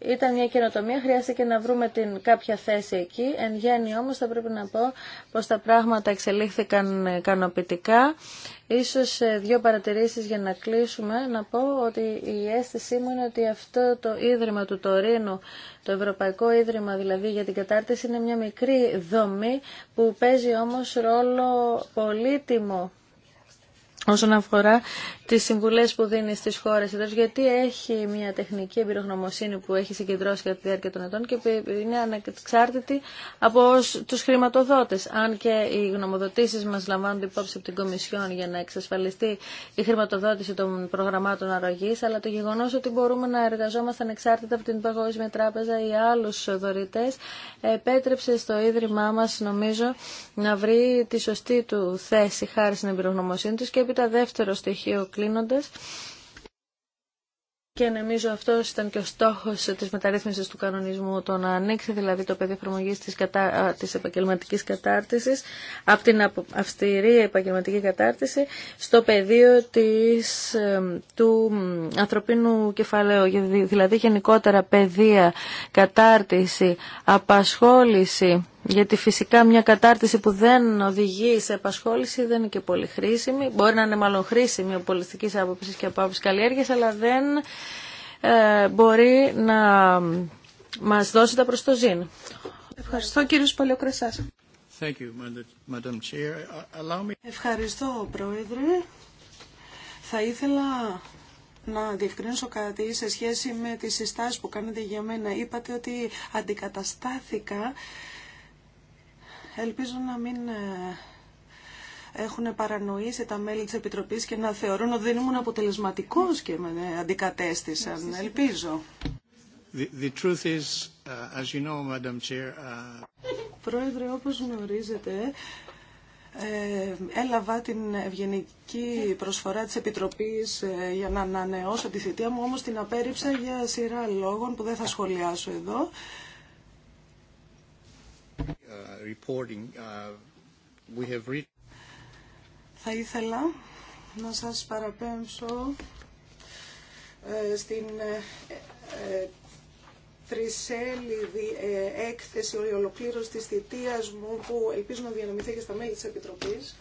ήταν μια καινοτομία, χρειάστηκε να βρούμε την κάποια θέση εκεί. Εν γέννη όμως θα πρέπει να πω πως τα πράγματα εξελίχθηκαν ικανοποιητικά. Ίσως ε, δύο παρατηρήσεις για να κλείσουμε. Να πω ότι η αίσθησή μου είναι ότι αυτό το Ίδρυμα του Τωρίνου, το Ευρωπαϊκό Ίδρυμα δηλαδή για την κατάρτιση, είναι μια μικρή δομή που παίζει όμως ρόλο πολύτιμο όσον αφορά τις συμβουλές που δίνει στις χώρες γιατί έχει μια τεχνική εμπειρογνωμοσύνη που έχει συγκεντρώσει κατά τη διάρκεια των ετών και είναι ανεξάρτητη από τους χρηματοδότες. Αν και οι γνωμοδοτήσεις μας λαμβάνονται υπόψη από την Κομισιόν για να εξασφαλιστεί η χρηματοδότηση των προγραμμάτων αρρωγής, αλλά το γεγονός ότι μπορούμε να εργαζόμαστε ανεξάρτητα από την Παγκόσμια Τράπεζα ή άλλους δωρητές, επέτρεψε στο Ίδρυμά μας, νομίζω, να βρει τη σωστή του θέση χάρη στην εμπειρογνωμοσύνη τους και δεύτερο στοιχείο κλείνοντας, και νομίζω αυτό ήταν και ο στόχο τη μεταρρύθμιση του κανονισμού, το να ανοίξει δηλαδή το πεδίο εφαρμογή τη κατα... της επαγγελματική κατάρτιση από την αυστηρή επαγγελματική κατάρτιση στο πεδίο της, του ανθρωπίνου κεφαλαίου, δηλαδή γενικότερα παιδεία, κατάρτιση, απασχόληση γιατί φυσικά μια κατάρτιση που δεν οδηγεί σε επασχόληση δεν είναι και πολύ χρήσιμη. Μπορεί να είναι μάλλον χρήσιμη από πολιτική άποψη και από άποψη καλλιέργεια, αλλά δεν ε, μπορεί να μα δώσει τα ζήν. Ευχαριστώ κύριο Παλαιοκρεσά. Uh, Ευχαριστώ, Πρόεδρε. Θα ήθελα να διευκρινίσω κάτι σε σχέση με τις συστάσεις που κάνετε για μένα. Είπατε ότι αντικαταστάθηκα Ελπίζω να μην ε, έχουν παρανοήσει τα μέλη της Επιτροπής και να θεωρούν ότι δεν ήμουν αποτελεσματικός και με ε, αντικατέστησαν. Ναι, Ελπίζω. The, the truth is, uh, as you know, Madam Chair, uh, Πρόεδρε, όπως γνωρίζετε, ε, έλαβα την ευγενική προσφορά της Επιτροπής ε, για να ανανεώσω τη θητεία μου, όμως την απέρριψα για σειρά λόγων που δεν θα σχολιάσω εδώ. Uh, Θα ήθελα να σας παραπέμψω ε, στην ε, ε, τρισέλιδη έκθεση ολοκλήρωση της θητείας μου που ελπίζω να διανομηθεί και στα μέλη της Επιτροπής.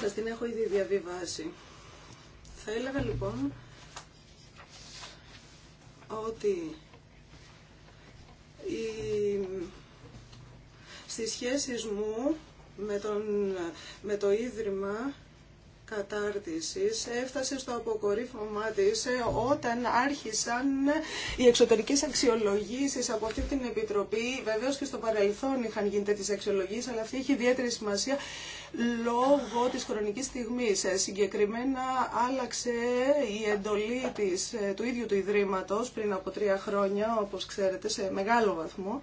Σας την έχω ήδη διαβιβάσει. Θα έλεγα λοιπόν ότι η στις σχέσεις μου με, τον, με το Ίδρυμα κατάρτισης έφτασε στο αποκορύφωμά της όταν άρχισαν οι εξωτερικές αξιολογήσεις από αυτή την Επιτροπή. Βεβαίως και στο παρελθόν είχαν γίνει τέτοιες αξιολογήσεις, αλλά αυτή έχει ιδιαίτερη σημασία λόγω της χρονικής στιγμής. Συγκεκριμένα άλλαξε η εντολή του ίδιου του Ιδρύματος πριν από τρία χρόνια, όπως ξέρετε, σε μεγάλο βαθμό.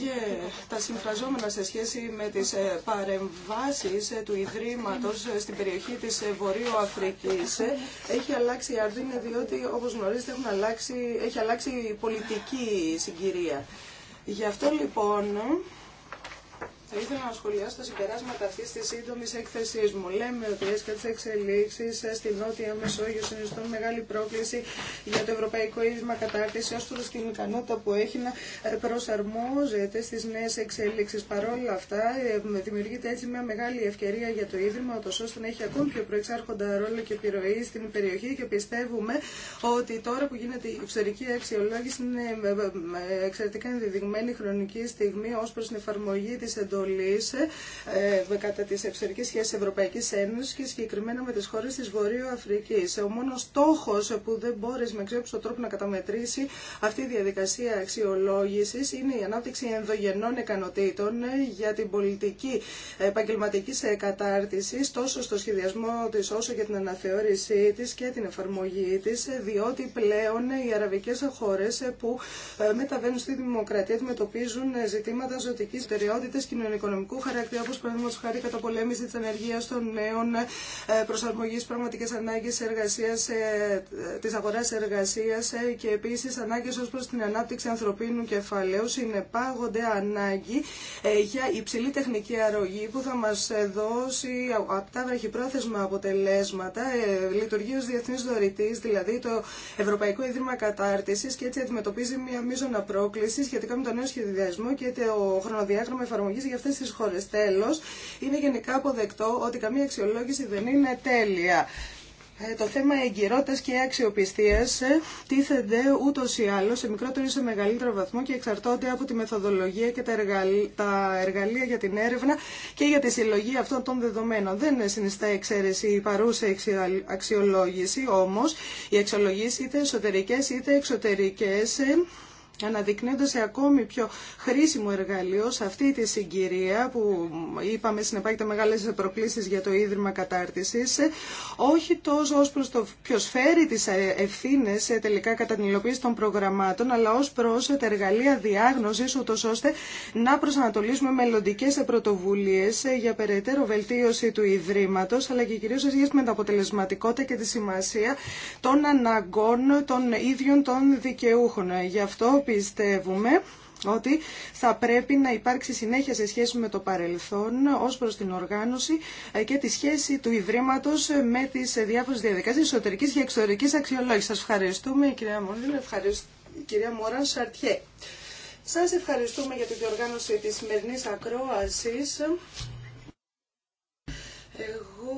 και τα συμφραζόμενα σε σχέση με τις ε, παρεμβάσεις ε, του Ιδρύματος ε, στην περιοχή της Βορείου Αφρικής. Έχει αλλάξει η Αρδίνη διότι όπως γνωρίζετε έχουν αλλάξει, έχει αλλάξει η πολιτική συγκυρία. Γι' αυτό λοιπόν θα ήθελα να σχολιάσω τα συμπεράσματα αυτή τη σύντομη έκθεσή μου. Λέμε ότι οι έσκατε εξελίξει στη Νότια Μεσόγειο συνιστούν μεγάλη πρόκληση για το ευρωπαϊκό ίδρυμα κατάρτιση, ώστε το την ικανότητα που έχει να προσαρμόζεται στι νέε εξελίξει. Παρ' όλα αυτά, δημιουργείται έτσι μια μεγάλη ευκαιρία για το ίδρυμα, ώστε να έχει ακόμη πιο προεξάρχοντα ρόλο και επιρροή στην περιοχή και πιστεύουμε ότι τώρα που γίνεται η εξωτερική αξιολόγηση είναι εξαιρετικά ενδεδειγμένη χρονική στιγμή ω προ την εφαρμογή τη εντολή ε, ε, κατά τι εξωτερικέ σχέσει Ευρωπαϊκή Ένωση και συγκεκριμένα με τι χώρε τη Βορείου Αφρική. Ο μόνο στόχο που δεν μπόρεσε με ξέπιστο τρόπο να καταμετρήσει αυτή η διαδικασία αξιολόγηση είναι η ανάπτυξη ενδογενών ικανοτήτων ε, για την πολιτική επαγγελματική κατάρτιση τόσο στο σχεδιασμό τη όσο και την αναθεώρησή τη και την εφαρμογή τη, διότι πλέον οι Αραβικέ χώρε που μεταβαίνουν στη δημοκρατία αντιμετωπίζουν ζητήματα ζωτικής οικονομικού χαρακτήρα, όπω παραδείγματο χάρη καταπολέμηση τη ανεργία των νέων, ε, προσαρμογή πραγματικέ ανάγκε τη αγορά εργασία ε, ε, και επίση ανάγκε ω προ την ανάπτυξη ανθρωπίνου κεφαλαίου. Συνεπάγονται ανάγκη για υψηλή τεχνική αρρωγή που θα μα δώσει από τα βραχυπρόθεσμα αποτελέσματα. Λειτουργεί ω διεθνή δωρητή, δηλαδή το Ευρωπαϊκό Ίδρυμα Κατάρτιση και έτσι αντιμετωπίζει μια μείζωνα πρόκληση σχετικά με τον νέο σχεδιασμό και το χρονοδιάγραμμα εφαρμογή για αυτές τις χώρες. Τέλος, είναι γενικά αποδεκτό ότι καμία αξιολόγηση δεν είναι τέλεια. Ε, το θέμα εγκυρότητα και αξιοπιστία ε, τίθενται ούτω ή άλλω σε μικρότερο ή σε μεγαλύτερο βαθμό και εξαρτώνται από τη μεθοδολογία και τα, εργαλεία, τα εργαλεία για την έρευνα και για τη συλλογή αυτών των δεδομένων. Δεν συνιστά εξαίρεση η παρούσα αξιολόγηση, όμω οι αξιολογήσει είτε εσωτερικέ είτε εξωτερικέ ε, σε ακόμη πιο χρήσιμο εργαλείο σε αυτή τη συγκυρία που είπαμε συνεπάγεται μεγάλες προκλήσεις για το Ίδρυμα Κατάρτισης, όχι τόσο ως προς το ποιος φέρει τις ευθύνες τελικά κατά την υλοποίηση των προγραμμάτων, αλλά ως προς τα εργαλεία διάγνωσης, ούτω ώστε να προσανατολίσουμε μελλοντικέ πρωτοβουλίες για περαιτέρω βελτίωση του Ιδρύματος, αλλά και κυρίως σε με την αποτελεσματικότητα και τη σημασία των αναγκών των ίδιων των δικαιούχων. Γι' αυτό πιστεύουμε ότι θα πρέπει να υπάρξει συνέχεια σε σχέση με το παρελθόν ως προς την οργάνωση και τη σχέση του Ιδρύματος με τις διάφορες διαδικασίες εσωτερικής και εξωτερικής αξιολόγησης. Σας ευχαριστούμε κυρία Μωρήλ, ευχαριστώ κυρία Σαρτιέ. Σας ευχαριστούμε για την διοργάνωση της σημερινής ακρόασης. Εγώ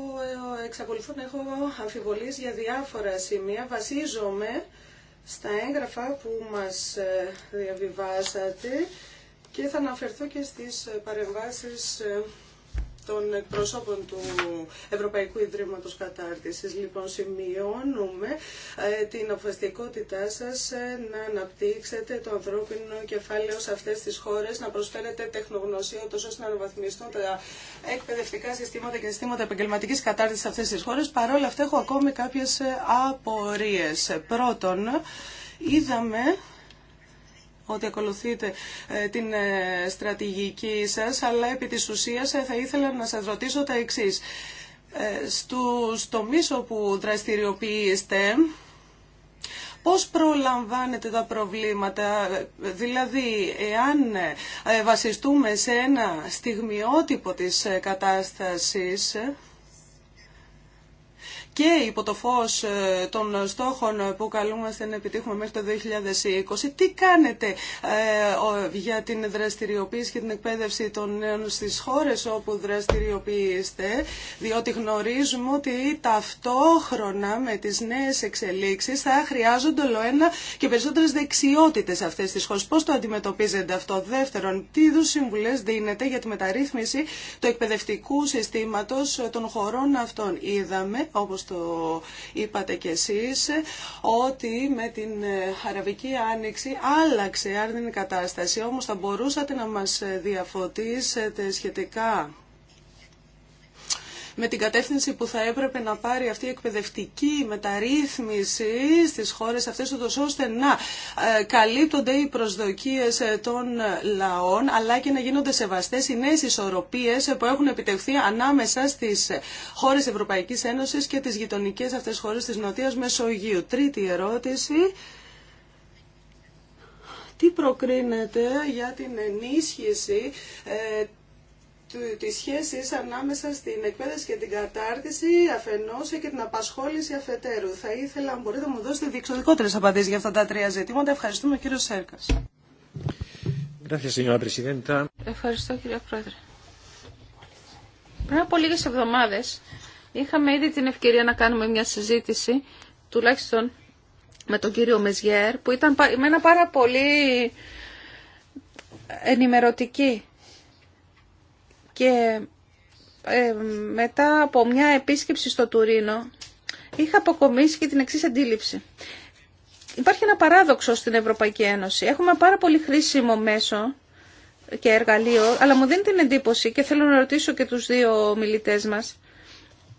ε, εξακολουθώ να έχω αμφιβολίες για διάφορα σημεία. Βασίζομαι στα έγγραφα που μας ε, διαβιβάσατε και θα αναφερθώ και στις παρεμβάσεις ε, των εκπροσώπων του Ευρωπαϊκού Ιδρύματος Κατάρτισης. Λοιπόν, σημειώνουμε ε, την αποφασιστικότητά σας ε, να αναπτύξετε το ανθρώπινο κεφάλαιο σε αυτές τις χώρες, να προσφέρετε τεχνογνωσία, ώστε να αναβαθμιστούν τα εκπαιδευτικά συστήματα και συστήματα επαγγελματικής κατάρτισης σε αυτές τις χώρες. Παρ' όλα αυτά έχω ακόμη κάποιες ε, απορίες. Πρώτον, είδαμε ότι ακολουθείτε ε, την ε, στρατηγική σας, αλλά επί της ουσίας ε, θα ήθελα να σας ρωτήσω τα εξής. Στο μίσο που δραστηριοποιείστε, Πώς προλαμβάνετε τα προβλήματα, δηλαδή εάν βασιστούμε σε ένα στιγμιότυπο της κατάστασης, και υπό το φως ε, των στόχων που καλούμαστε να επιτύχουμε μέχρι το 2020, τι κάνετε ε, για την δραστηριοποίηση και την εκπαίδευση των νέων στις χώρες όπου δραστηριοποιείστε, διότι γνωρίζουμε ότι ταυτόχρονα με τις νέες εξελίξεις θα χρειάζονται όλο και περισσότερες δεξιότητες αυτές τις χώρες. Πώς το αντιμετωπίζετε αυτό. Δεύτερον, τι είδους συμβουλές δίνετε για τη μεταρρύθμιση του εκπαιδευτικού συστήματος των χωρών αυτών. Είδαμε, όπως το είπατε κι εσείς, ότι με την ε, Αραβική Άνοιξη άλλαξε άρνηνη κατάσταση, όμως θα μπορούσατε να μας διαφωτίσετε σχετικά με την κατεύθυνση που θα έπρεπε να πάρει αυτή η εκπαιδευτική μεταρρύθμιση στις χώρες αυτές, ώστε να ε, καλύπτονται οι προσδοκίες ε, των λαών, αλλά και να γίνονται σεβαστές οι νέες ισορροπίες που έχουν επιτευχθεί ανάμεσα στις ε, χώρες Ευρωπαϊκής Ένωσης και τις γειτονικές αυτές χώρες της Νοτίας Μεσογείου. Τρίτη ερώτηση. Τι προκρίνεται για την ενίσχυση τις σχέσεις ανάμεσα στην εκπαίδευση και την κατάρτιση αφενός και την απασχόληση αφετέρου. Θα ήθελα, αν μπορείτε, να μου δώσετε διεξοδικότερες απαντήσεις για αυτά τα τρία ζητήματα. Ευχαριστούμε, κύριο Σέρκας. Ευχαριστώ, κύριε Πρόεδρε. Πριν από λίγες εβδομάδες είχαμε ήδη την ευκαιρία να κάνουμε μια συζήτηση, τουλάχιστον με τον κύριο Μεζιέρ, που ήταν με ένα πάρα πολύ ενημερωτική και ε, μετά από μια επίσκεψη στο Τουρίνο είχα αποκομίσει και την εξή αντίληψη. Υπάρχει ένα παράδοξο στην Ευρωπαϊκή Ένωση. Έχουμε πάρα πολύ χρήσιμο μέσο και εργαλείο, αλλά μου δίνει την εντύπωση και θέλω να ρωτήσω και τους δύο μιλητές μας.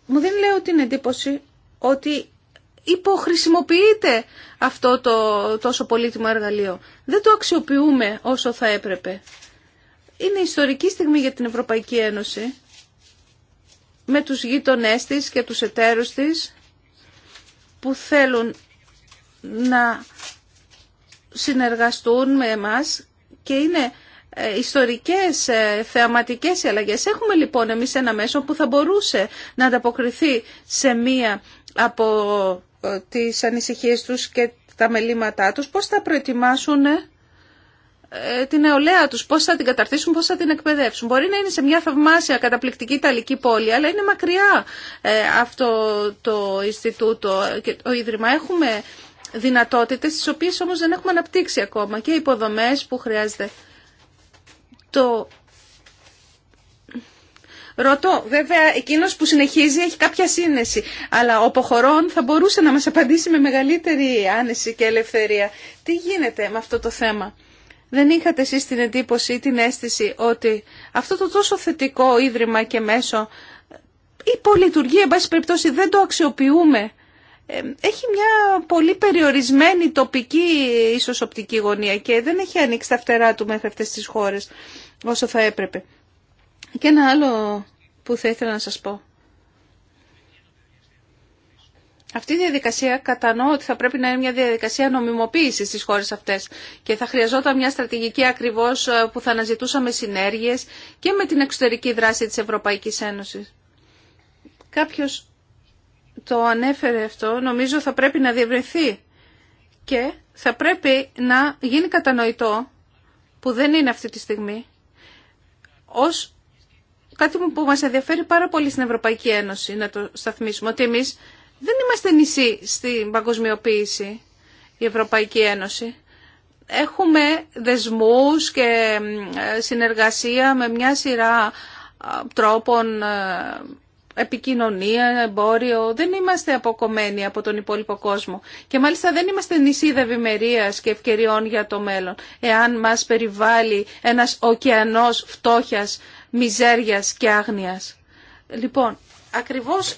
Μου δίνει λέω την εντύπωση ότι υποχρησιμοποιείται αυτό το τόσο πολύτιμο εργαλείο. Δεν το αξιοποιούμε όσο θα έπρεπε. Είναι ιστορική στιγμή για την Ευρωπαϊκή Ένωση με τους γείτονές της και τους εταίρους της που θέλουν να συνεργαστούν με εμάς και είναι ε, ιστορικές ε, θεαματικές οι αλλαγές. Έχουμε λοιπόν εμείς ένα μέσο που θα μπορούσε να ανταποκριθεί σε μία από ε, τις ανησυχίες τους και τα μελήματά τους. Πώς θα προετοιμάσουν ε, την νεολαία τους, πώς θα την καταρτήσουν, πώς θα την εκπαιδεύσουν. Μπορεί να είναι σε μια θαυμάσια καταπληκτική Ιταλική πόλη, αλλά είναι μακριά ε, αυτό το Ινστιτούτο και το Ίδρυμα. Έχουμε δυνατότητες, τι οποίες όμως δεν έχουμε αναπτύξει ακόμα και υποδομές που χρειάζεται. Το... Ρωτώ, βέβαια, εκείνο που συνεχίζει έχει κάποια σύνεση, αλλά ο Ποχωρών θα μπορούσε να μα απαντήσει με μεγαλύτερη άνεση και ελευθερία. Τι γίνεται με αυτό το θέμα δεν είχατε εσείς την εντύπωση ή την αίσθηση ότι αυτό το τόσο θετικό ίδρυμα και μέσο υπολειτουργεί, εν πάση περιπτώσει δεν το αξιοποιούμε. Ε, έχει μια πολύ περιορισμένη τοπική ίσως οπτική γωνία και δεν έχει ανοίξει τα φτερά του μέχρι αυτές τις χώρες όσο θα έπρεπε. Και ένα άλλο που θα ήθελα να σας πω. Αυτή η διαδικασία κατανοώ ότι θα πρέπει να είναι μια διαδικασία νομιμοποίησης στις χώρες αυτές και θα χρειαζόταν μια στρατηγική ακριβώς ε, που θα αναζητούσαμε συνέργειες και με την εξωτερική δράση της Ευρωπαϊκής Ένωσης. Κάποιος το ανέφερε αυτό, νομίζω θα πρέπει να διευρυνθεί και θα πρέπει να γίνει κατανοητό που δεν είναι αυτή τη στιγμή ως κάτι που μας ενδιαφέρει πάρα πολύ στην Ευρωπαϊκή Ένωση να το σταθμίσουμε, ότι δεν είμαστε νησί στην παγκοσμιοποίηση, η Ευρωπαϊκή Ένωση. Έχουμε δεσμούς και συνεργασία με μια σειρά τρόπων ε, επικοινωνία, εμπόριο. Δεν είμαστε αποκομμένοι από τον υπόλοιπο κόσμο. Και μάλιστα δεν είμαστε νησί ευημερία και ευκαιριών για το μέλλον. Εάν μας περιβάλλει ένας ωκεανός φτώχειας, μιζέριας και άγνοιας. Λοιπόν, ακριβώς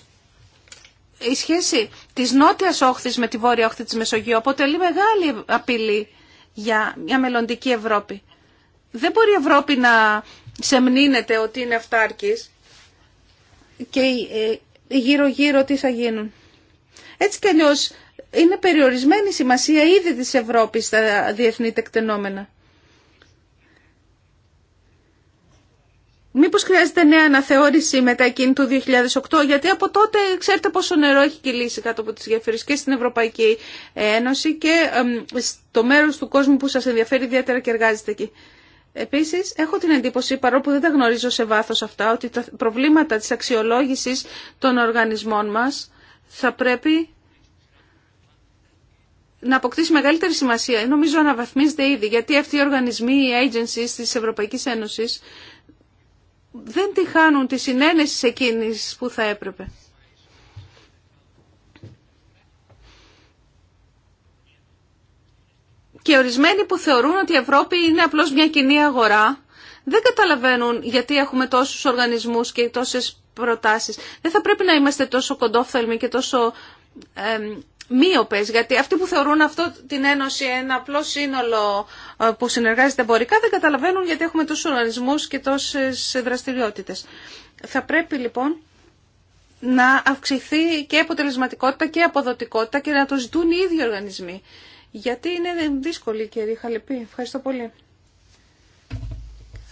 η σχέση της νότιας όχθης με τη βόρεια όχθη της Μεσογείου αποτελεί μεγάλη απειλή για μια μελλοντική Ευρώπη. Δεν μπορεί η Ευρώπη να σεμνύνεται ότι είναι αυτάρκης και ε, γύρω-γύρω τι θα γίνουν. Έτσι κι αλλιώς είναι περιορισμένη η σημασία ήδη της Ευρώπης στα διεθνή τεκτενόμενα. Μήπως χρειάζεται νέα αναθεώρηση μετά εκείνη του 2008, γιατί από τότε ξέρετε πόσο νερό έχει κυλήσει κάτω από τις γέφυρες και στην Ευρωπαϊκή Ένωση και στο μέρος του κόσμου που σας ενδιαφέρει ιδιαίτερα και εργάζεται εκεί. Επίσης, έχω την εντύπωση, παρόλο που δεν τα γνωρίζω σε βάθος αυτά, ότι τα προβλήματα της αξιολόγησης των οργανισμών μας θα πρέπει να αποκτήσει μεγαλύτερη σημασία. Νομίζω αναβαθμίζεται ήδη, γιατί αυτοί οι οργανισμοί, οι agencies της Ευρωπαϊκής Ένωσης δεν τη χάνουν τη συνένεση εκείνη που θα έπρεπε. Και ορισμένοι που θεωρούν ότι η Ευρώπη είναι απλώς μια κοινή αγορά, δεν καταλαβαίνουν γιατί έχουμε τόσους οργανισμούς και τόσες προτάσεις. Δεν θα πρέπει να είμαστε τόσο κοντόφθαλμοι και τόσο μείωπες, γιατί αυτοί που θεωρούν αυτό την Ένωση ένα απλό σύνολο ε, που συνεργάζεται εμπορικά δεν καταλαβαίνουν γιατί έχουμε τόσους οργανισμούς και τόσες δραστηριότητες. Θα πρέπει λοιπόν να αυξηθεί και αποτελεσματικότητα και αποδοτικότητα και να το ζητούν οι ίδιοι οργανισμοί. Γιατί είναι δύσκολη και κυρία χαλεπή. Ευχαριστώ πολύ.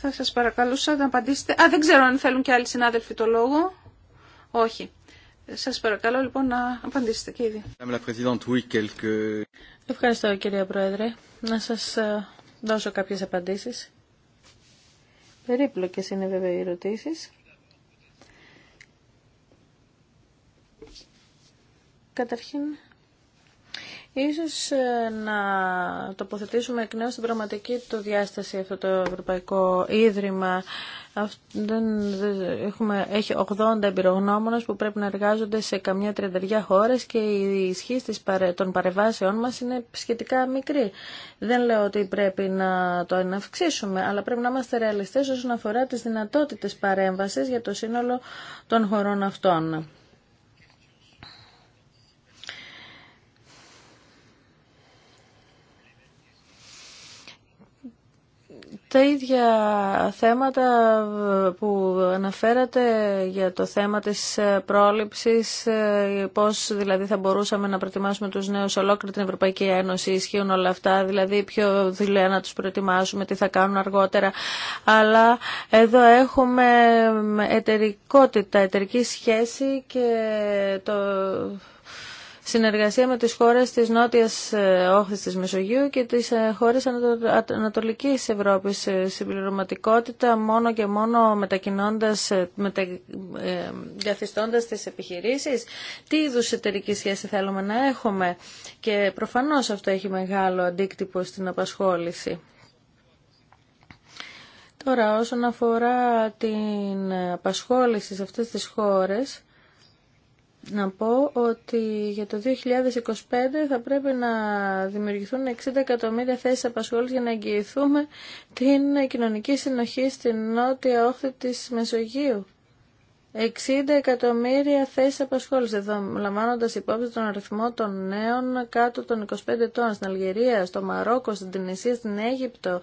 Θα σας παρακαλούσα να απαντήσετε. Α, δεν ξέρω αν θέλουν και άλλοι συνάδελφοι το λόγο. Όχι. Σας παρακαλώ λοιπόν να απαντήσετε και ήδη. Ευχαριστώ κυρία Πρόεδρε. Να σας ε, δώσω κάποιες απαντήσεις. Περίπλοκες είναι βέβαια οι ερωτήσεις. Καταρχήν, Ίσως ε, να τοποθετήσουμε εκ νέου στην πραγματική του διάσταση αυτό το Ευρωπαϊκό Ίδρυμα. Έχουμε, έχει 80 εμπειρογνώμονες που πρέπει να εργάζονται σε καμιά τριανταριά χώρες και η ισχύ των παρεμβάσεών μας είναι σχετικά μικρή. Δεν λέω ότι πρέπει να το εναυξήσουμε, αλλά πρέπει να είμαστε ρεαλιστές όσον αφορά τις δυνατότητες παρέμβασης για το σύνολο των χωρών αυτών. τα ίδια θέματα που αναφέρατε για το θέμα της ε, πρόληψης, ε, πώς δηλαδή θα μπορούσαμε να προετοιμάσουμε τους νέους ολόκληρη την Ευρωπαϊκή Ένωση, ισχύουν όλα αυτά, δηλαδή πιο δουλειά να τους προετοιμάσουμε, τι θα κάνουν αργότερα. Αλλά εδώ έχουμε εταιρικότητα, εταιρική σχέση και το συνεργασία με τις χώρες της νότιας ε, όχθης της Μεσογείου και τις ε, χώρες Ανατολικής Ευρώπης. Ε, συμπληρωματικότητα μόνο και μόνο μετακινώντας, μετα... τις επιχειρήσεις. Τι είδους εταιρική σχέση θέλουμε να έχουμε και προφανώς αυτό έχει μεγάλο αντίκτυπο στην απασχόληση. Τώρα όσον αφορά την απασχόληση σε αυτές τις χώρες, να πω ότι για το 2025 θα πρέπει να δημιουργηθούν 60 εκατομμύρια θέσεις απασχόλησης για να εγγυηθούμε την κοινωνική συνοχή στην νότια όχθη της Μεσογείου. 60 εκατομμύρια θέσεις απασχόλησης, εδώ λαμβάνοντας υπόψη τον αριθμό των νέων κάτω των 25 ετών στην Αλγερία, στο Μαρόκο, στην Τινησία, στην Αίγυπτο,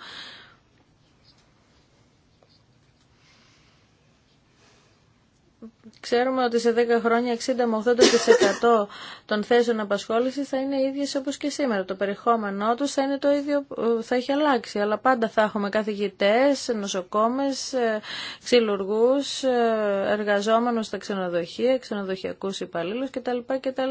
Ξέρουμε ότι σε 10 χρόνια 60 με 80% των θέσεων απασχόλησης θα είναι ίδιες όπως και σήμερα. Το περιεχόμενό τους θα είναι το ίδιο, ε, θα έχει αλλάξει, αλλά πάντα θα έχουμε καθηγητές, νοσοκόμες, ε, ξυλουργούς, ε, εργαζόμενους στα ξενοδοχεία, ξενοδοχειακούς υπαλλήλους κτλ. κτλ.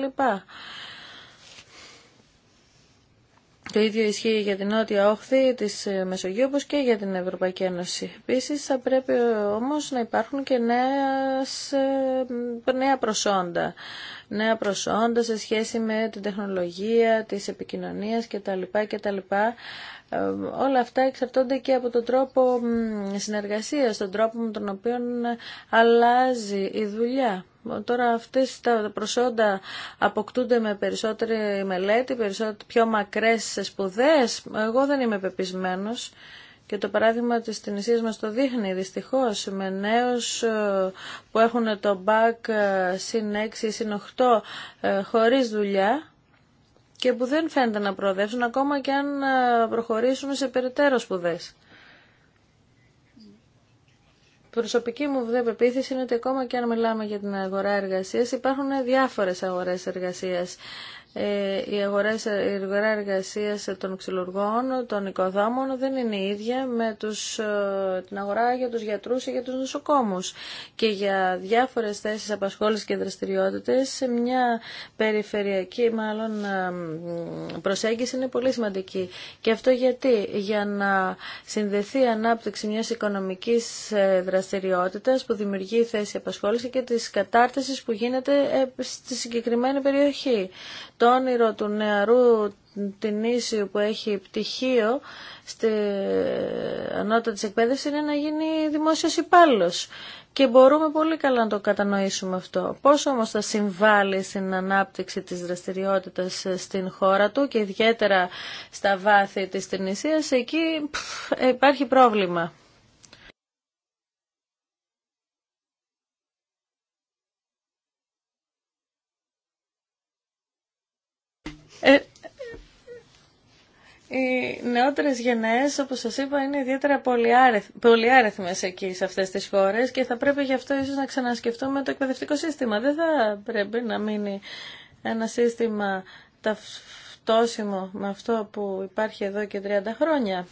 Το ίδιο ισχύει για την νότια όχθη της Μεσογείου όπως και για την Ευρωπαϊκή Ένωση. Επίσης θα πρέπει όμως να υπάρχουν και ε, νέα προσόντα. Νέα προσόντα σε σχέση με την τεχνολογία, τις επικοινωνίες κτλ. κτλ. Ε, όλα αυτά εξαρτώνται και από τον τρόπο συνεργασίας, τον τρόπο με τον οποίο αλλάζει η δουλειά. Τώρα αυτές τα προσόντα αποκτούνται με περισσότερη μελέτη, πιο μακρές σπουδές. Εγώ δεν είμαι πεπισμένος. Και το παράδειγμα της Τινησίας μας το δείχνει δυστυχώς με νέους ε, που έχουν το ΜΠΑΚ ε, συν 6 συν 8 ε, χωρίς δουλειά και που δεν φαίνεται να προοδεύσουν ακόμα και αν προχωρήσουν σε περαιτέρω σπουδές προσωπική μου πεποίθηση είναι ότι ακόμα και αν μιλάμε για την αγορά εργασίας υπάρχουν διάφορες αγορές εργασίας. Ε, η αγορά, η εργασίας των ξυλουργών, των οικοδόμων δεν είναι η ίδια με τους, ε, την αγορά για τους γιατρούς ή για τους νοσοκόμους. Και για διάφορες θέσεις απασχόλησης και δραστηριότητες, σε μια περιφερειακή μάλλον ε, προσέγγιση είναι πολύ σημαντική. Και αυτό γιατί, για να συνδεθεί η ανάπτυξη μιας οικονομικής δραστηριότητας που δημιουργεί θέση απασχόληση και της κατάρτισης που γίνεται στη συγκεκριμένη περιοχή το όνειρο του νεαρού την ίση που έχει πτυχίο στη ανώτατη της εκπαίδευση είναι να γίνει δημόσιος υπάλληλο Και μπορούμε πολύ καλά να το κατανοήσουμε αυτό. Πώς όμως θα συμβάλλει στην ανάπτυξη της δραστηριότητας στην χώρα του και ιδιαίτερα στα βάθη της Τινησίας, εκεί υπάρχει πρόβλημα. Ε, οι νεότερε γενναίε, όπως σας είπα, είναι ιδιαίτερα πολυάριθμε εκεί σε αυτές τις χώρε και θα πρέπει γι' αυτό ίσως να ξανασκεφτούμε το εκπαιδευτικό σύστημα. Δεν θα πρέπει να μείνει ένα σύστημα ταυτόσιμο με αυτό που υπάρχει εδώ και 30 χρόνια.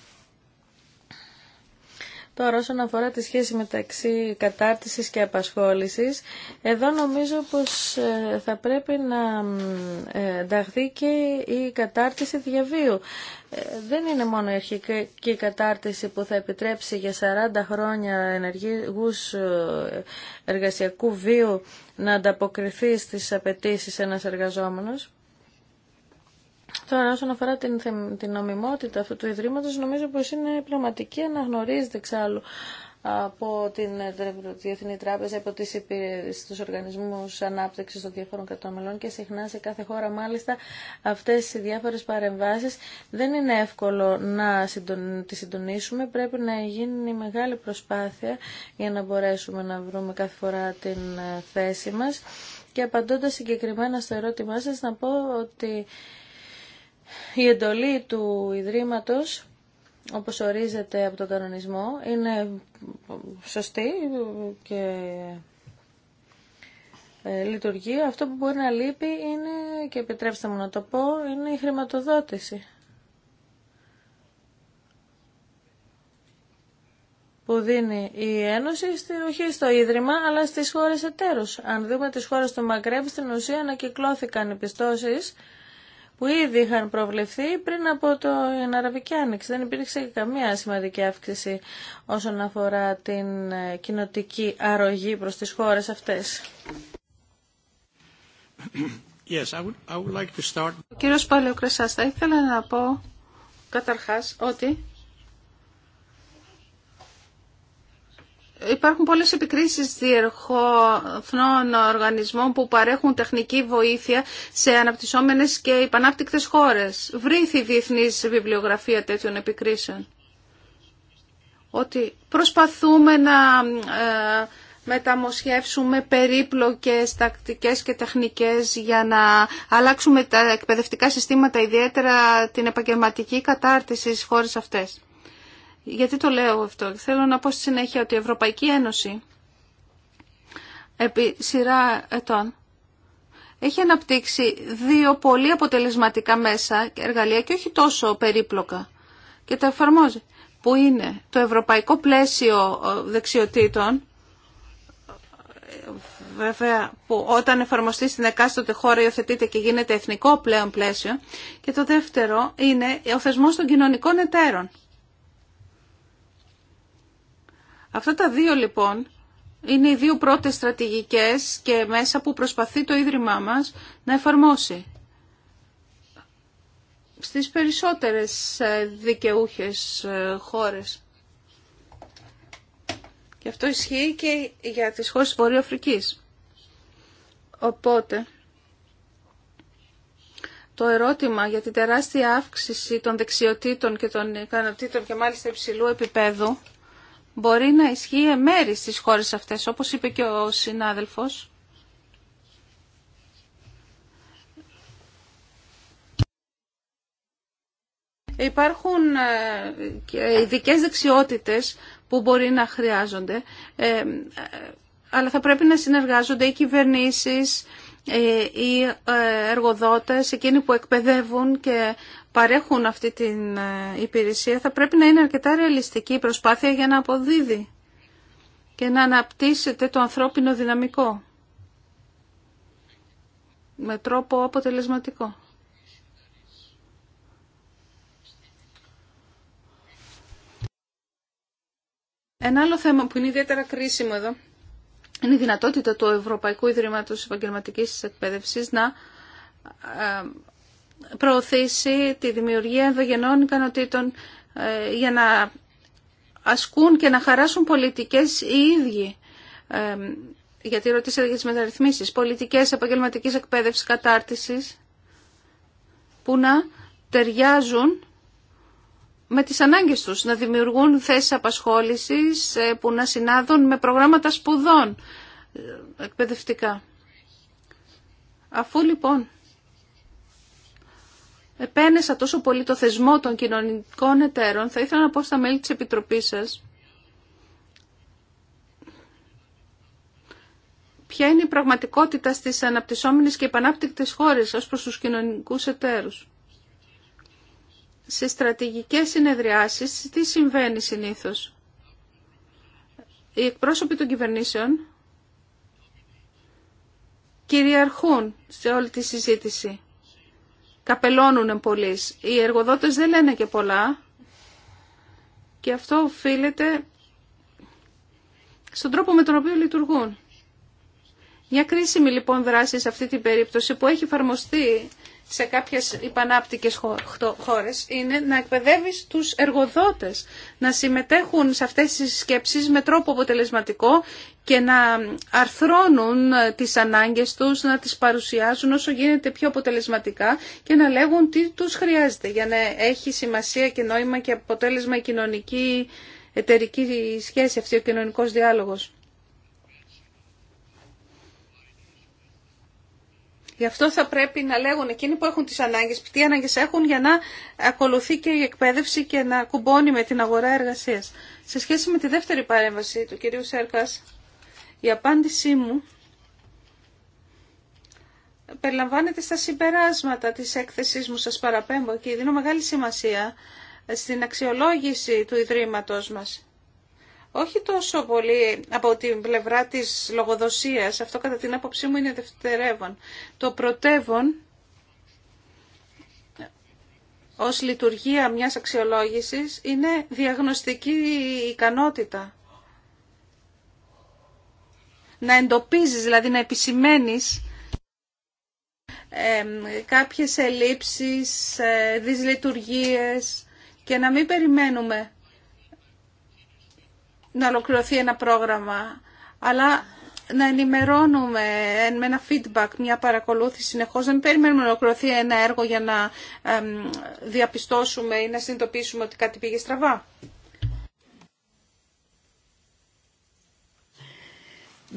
Τώρα όσον αφορά τη σχέση μεταξύ κατάρτισης και απασχόλησης, εδώ νομίζω πως ε, θα πρέπει να ε, ενταχθεί και η κατάρτιση διαβίου. Ε, δεν είναι μόνο η αρχική κατάρτιση που θα επιτρέψει για 40 χρόνια ενεργούς εργασιακού βίου να ανταποκριθεί στις απαιτήσεις ένας εργαζόμενος. Τώρα, όσον αφορά την, την νομιμότητα αυτού του Ιδρύματος, νομίζω πως είναι πραγματική, αναγνωρίζεται εξάλλου από την Διεθνή Τράπεζα, από τις υπηρεσίες, του οργανισμούς ανάπτυξης των διαφόρων κατώμελων και συχνά σε κάθε χώρα μάλιστα αυτές οι διάφορες παρεμβάσεις δεν είναι εύκολο να τι συντονίσουμε. Πρέπει να γίνει μεγάλη προσπάθεια για να μπορέσουμε να βρούμε κάθε φορά την ε, θέση μας. Και απαντώντας συγκεκριμένα στο ερώτημά σα να πω ότι η εντολή του Ιδρύματος, όπως ορίζεται από τον κανονισμό, είναι σωστή και ε, λειτουργεί. Αυτό που μπορεί να λείπει είναι, και επιτρέψτε μου να το πω, είναι η χρηματοδότηση. που δίνει η Ένωση, όχι στο Ίδρυμα, αλλά στις χώρες εταίρους. Αν δούμε τις χώρες του Μαγκρέμπ, στην ουσία ανακυκλώθηκαν οι πιστώσεις που ήδη είχαν προβλεφθεί πριν από το Αραβική Άνοιξη. Δεν υπήρξε καμία σημαντική αύξηση όσον αφορά την ε, κοινοτική αρρωγή προς τις χώρες αυτές. Yes, I would, I would like to start... κύριος θα ήθελα να πω καταρχάς ότι Υπάρχουν πολλές επικρίσεις διερχόνων οργανισμών που παρέχουν τεχνική βοήθεια σε αναπτυσσόμενες και υπανάπτυκτες χώρες. Βρήθη η διεθνής βιβλιογραφία τέτοιων επικρίσεων. Ότι προσπαθούμε να ε, μεταμοσχεύσουμε περίπλοκες τακτικές και τεχνικές για να αλλάξουμε τα εκπαιδευτικά συστήματα, ιδιαίτερα την επαγγελματική κατάρτιση στις χώρες αυτές. Γιατί το λέω αυτό. Θέλω να πω στη συνέχεια ότι η Ευρωπαϊκή Ένωση επί σειρά ετών έχει αναπτύξει δύο πολύ αποτελεσματικά μέσα και εργαλεία και όχι τόσο περίπλοκα και τα εφαρμόζει που είναι το ευρωπαϊκό πλαίσιο ε, δεξιοτήτων βέβαια που όταν εφαρμοστεί στην εκάστοτε χώρα υιοθετείται και γίνεται εθνικό πλέον πλαίσιο και το δεύτερο είναι ο θεσμός των κοινωνικών εταίρων Αυτά τα δύο λοιπόν είναι οι δύο πρώτες στρατηγικές και μέσα που προσπαθεί το Ίδρυμά μας να εφαρμόσει στις περισσότερες ε, δικαιούχες ε, χώρες. Και αυτό ισχύει και για τις χώρες Βορειοαφρικής. Οπότε, το ερώτημα για την τεράστια αύξηση των δεξιοτήτων και των ικανοτήτων και μάλιστα υψηλού επίπεδου μπορεί να ισχύει μέρη στις χώρες αυτές, όπως είπε και ο συνάδελφος. Υπάρχουν ε, ειδικέ δεξιότητες που μπορεί να χρειάζονται, ε, ε, αλλά θα πρέπει να συνεργάζονται οι κυβερνήσεις, ε, οι ε, εργοδότες, εκείνοι που εκπαιδεύουν και παρέχουν αυτή την ε, υπηρεσία, θα πρέπει να είναι αρκετά ρεαλιστική η προσπάθεια για να αποδίδει και να αναπτύσσεται το ανθρώπινο δυναμικό με τρόπο αποτελεσματικό. Ένα άλλο θέμα που είναι ιδιαίτερα κρίσιμο εδώ είναι η δυνατότητα του Ευρωπαϊκού Ιδρύματος Επαγγελματικής Εκπαίδευσης να ε, προωθήσει τη δημιουργία ενδογενών ικανοτήτων ε, για να ασκούν και να χαράσουν πολιτικές οι ίδιοι. Ε, γιατί ρωτήσατε για τις μεταρρυθμίσεις. Πολιτικές επαγγελματικής εκπαίδευσης κατάρτισης που να ταιριάζουν με τις ανάγκες τους, να δημιουργούν θέσεις απασχόλησης ε, που να συνάδουν με προγράμματα σπουδών ε, εκπαιδευτικά. Αφού λοιπόν επένεσα τόσο πολύ το θεσμό των κοινωνικών εταίρων, θα ήθελα να πω στα μέλη της Επιτροπής σας ποια είναι η πραγματικότητα στις αναπτυσσόμενες και επανάπτυκτες χώρες ως προς τους κοινωνικούς εταίρους σε στρατηγικές συνεδριάσεις τι συμβαίνει συνήθως. Οι εκπρόσωποι των κυβερνήσεων κυριαρχούν σε όλη τη συζήτηση. Καπελώνουν πολλοί. Οι εργοδότες δεν λένε και πολλά και αυτό οφείλεται στον τρόπο με τον οποίο λειτουργούν. Μια κρίσιμη λοιπόν δράση σε αυτή την περίπτωση που έχει εφαρμοστεί σε κάποιε υπανάπτυκε χώρες είναι να εκπαιδεύει τους εργοδότες να συμμετέχουν σε αυτές τις σκέψεις με τρόπο αποτελεσματικό και να αρθρώνουν ε, τις ανάγκες τους, να τις παρουσιάζουν όσο γίνεται πιο αποτελεσματικά και να λέγουν τι τους χρειάζεται για να έχει σημασία και νόημα και αποτέλεσμα η κοινωνική εταιρική σχέση αυτή ο κοινωνικό διάλογο. Γι' αυτό θα πρέπει να λέγουν εκείνοι που έχουν τις ανάγκες, τι ανάγκες έχουν για να ακολουθεί και η εκπαίδευση και να κουμπώνει με την αγορά εργασίας. Σε σχέση με τη δεύτερη παρέμβαση του κυρίου Σέρκας, η απάντησή μου περιλαμβάνεται στα συμπεράσματα της έκθεσής μου, σας παραπέμπω και δίνω μεγάλη σημασία στην αξιολόγηση του Ιδρύματός μας όχι τόσο πολύ από την πλευρά της λογοδοσίας, αυτό κατά την άποψή μου είναι δευτερεύον. Το πρωτεύον ως λειτουργία μιας αξιολόγησης είναι διαγνωστική ικανότητα. Να εντοπίζεις, δηλαδή να επισημαίνεις ε, κάποιες ελλείψεις, ε, δυσλειτουργίες και να μην περιμένουμε να ολοκληρωθεί ένα πρόγραμμα, αλλά να ενημερώνουμε με ένα feedback, μια παρακολούθηση συνεχώς. Δεν περιμένουμε να ολοκληρωθεί ένα έργο για να διαπιστώσουμε ή να συνειδητοποιήσουμε ότι κάτι πήγε στραβά.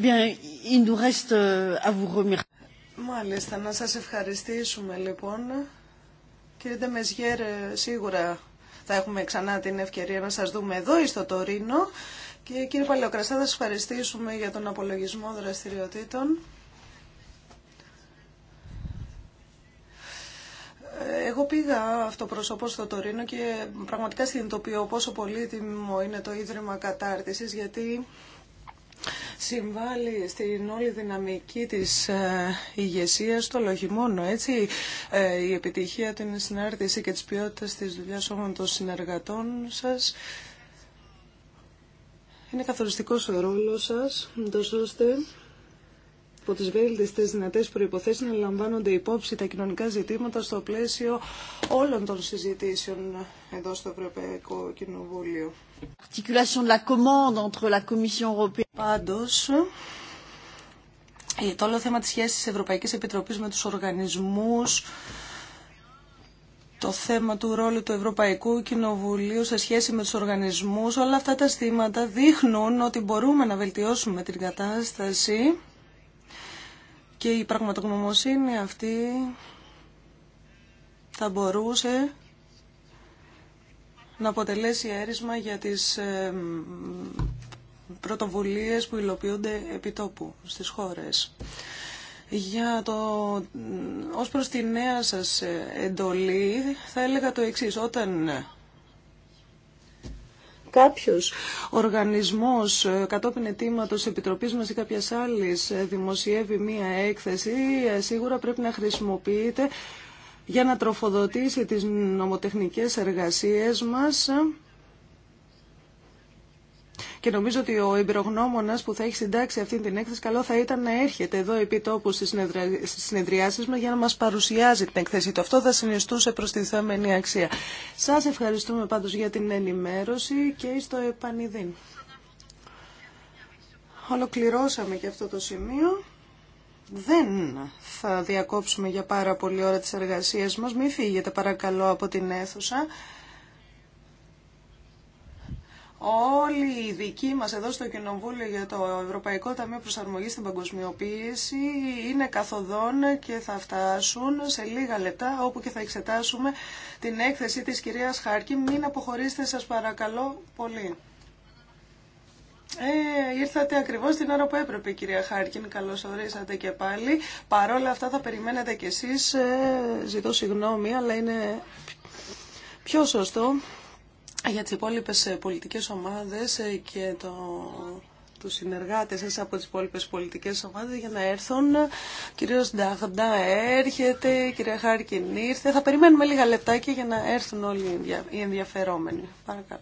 Bien, il nous reste euh, à vous remercier. Μάλιστα, να σας ευχαριστήσουμε λοιπόν. Κύριε Ντεμεζιέρ, ε, σίγουρα θα έχουμε ξανά την ευκαιρία να σας δούμε εδώ ή στο Τωρίνο. Και κύριε Παλαιοκραστά, θα σας ευχαριστήσουμε για τον απολογισμό δραστηριοτήτων. Εγώ πήγα αυτοπροσωπώ στο Τωρίνο και πραγματικά συνειδητοποιώ πόσο πολύτιμο είναι το Ίδρυμα Κατάρτισης γιατί συμβάλλει στην όλη δυναμική της ε, ηγεσία το Έτσι, ε, η επιτυχία την είναι συνάρτηση και της ποιότητας της δουλειάς όλων των συνεργατών σας. Είναι καθοριστικός ο ρόλος σας, τόσο από τι βέλτιστε δυνατέ προποθέσει να λαμβάνονται υπόψη τα κοινωνικά ζητήματα στο πλαίσιο όλων των συζητήσεων εδώ στο Ευρωπαϊκό Κοινοβούλιο. Πάντω, ε, το όλο θέμα τη σχέση τη Ευρωπαϊκή Επιτροπή με του Οργανισμού, το θέμα του ρόλου του Ευρωπαϊκού Κοινοβουλίου σε σχέση με τους οργανισμούς, όλα αυτά τα στήματα δείχνουν ότι μπορούμε να βελτιώσουμε την κατάσταση και η πραγματογνωμοσύνη αυτή θα μπορούσε να αποτελέσει αίρισμα για τις ε, πρωτοβουλίες που υλοποιούνται επί τόπου στις χώρες. Για το, ως προς τη νέα σας εντολή θα έλεγα το εξής. Όταν κάποιος οργανισμός ε, κατόπιν αιτήματος επιτροπής μας ή κάποιας άλλης ε, δημοσιεύει μία έκθεση, ε, σίγουρα πρέπει να χρησιμοποιείται για να τροφοδοτήσει τις νομοτεχνικές εργασίες μας και νομίζω ότι ο εμπειρογνώμονα που θα έχει συντάξει αυτή την έκθεση, καλό θα ήταν να έρχεται εδώ επί τόπου στι συνεδριάσει μα για να μα παρουσιάζει την έκθεση του. Αυτό θα συνιστούσε θεμενή αξία. Σα ευχαριστούμε πάντω για την ενημέρωση και στο επανειδήν. Ολοκληρώσαμε και αυτό το σημείο. Δεν θα διακόψουμε για πάρα πολλή ώρα τις εργασίες μας. Μην φύγετε παρακαλώ από την αίθουσα. Όλοι οι δικοί μας εδώ στο Κοινοβούλιο για το Ευρωπαϊκό Ταμείο Προσαρμογής στην Παγκοσμιοποίηση είναι καθοδόν και θα φτάσουν σε λίγα λεπτά όπου και θα εξετάσουμε την έκθεση της κυρίας Χάρκη. Μην αποχωρήσετε σας παρακαλώ πολύ. Ε, ήρθατε ακριβώς την ώρα που έπρεπε κυρία Χάρκιν, καλώς ορίσατε και πάλι. Παρόλα αυτά θα περιμένετε κι εσείς, ε, ζητώ συγγνώμη, αλλά είναι πιο σωστό για τις υπόλοιπες ε, πολιτικές ομάδες ε, και το τους συνεργάτες σας από τις υπόλοιπες πολιτικές ομάδες για να έρθουν. Ο κύριος Νταγντά έρχεται, κυρία Χάρκιν ήρθε. Θα περιμένουμε λίγα λεπτάκια για να έρθουν όλοι οι ενδιαφερόμενοι. Παρακαλώ.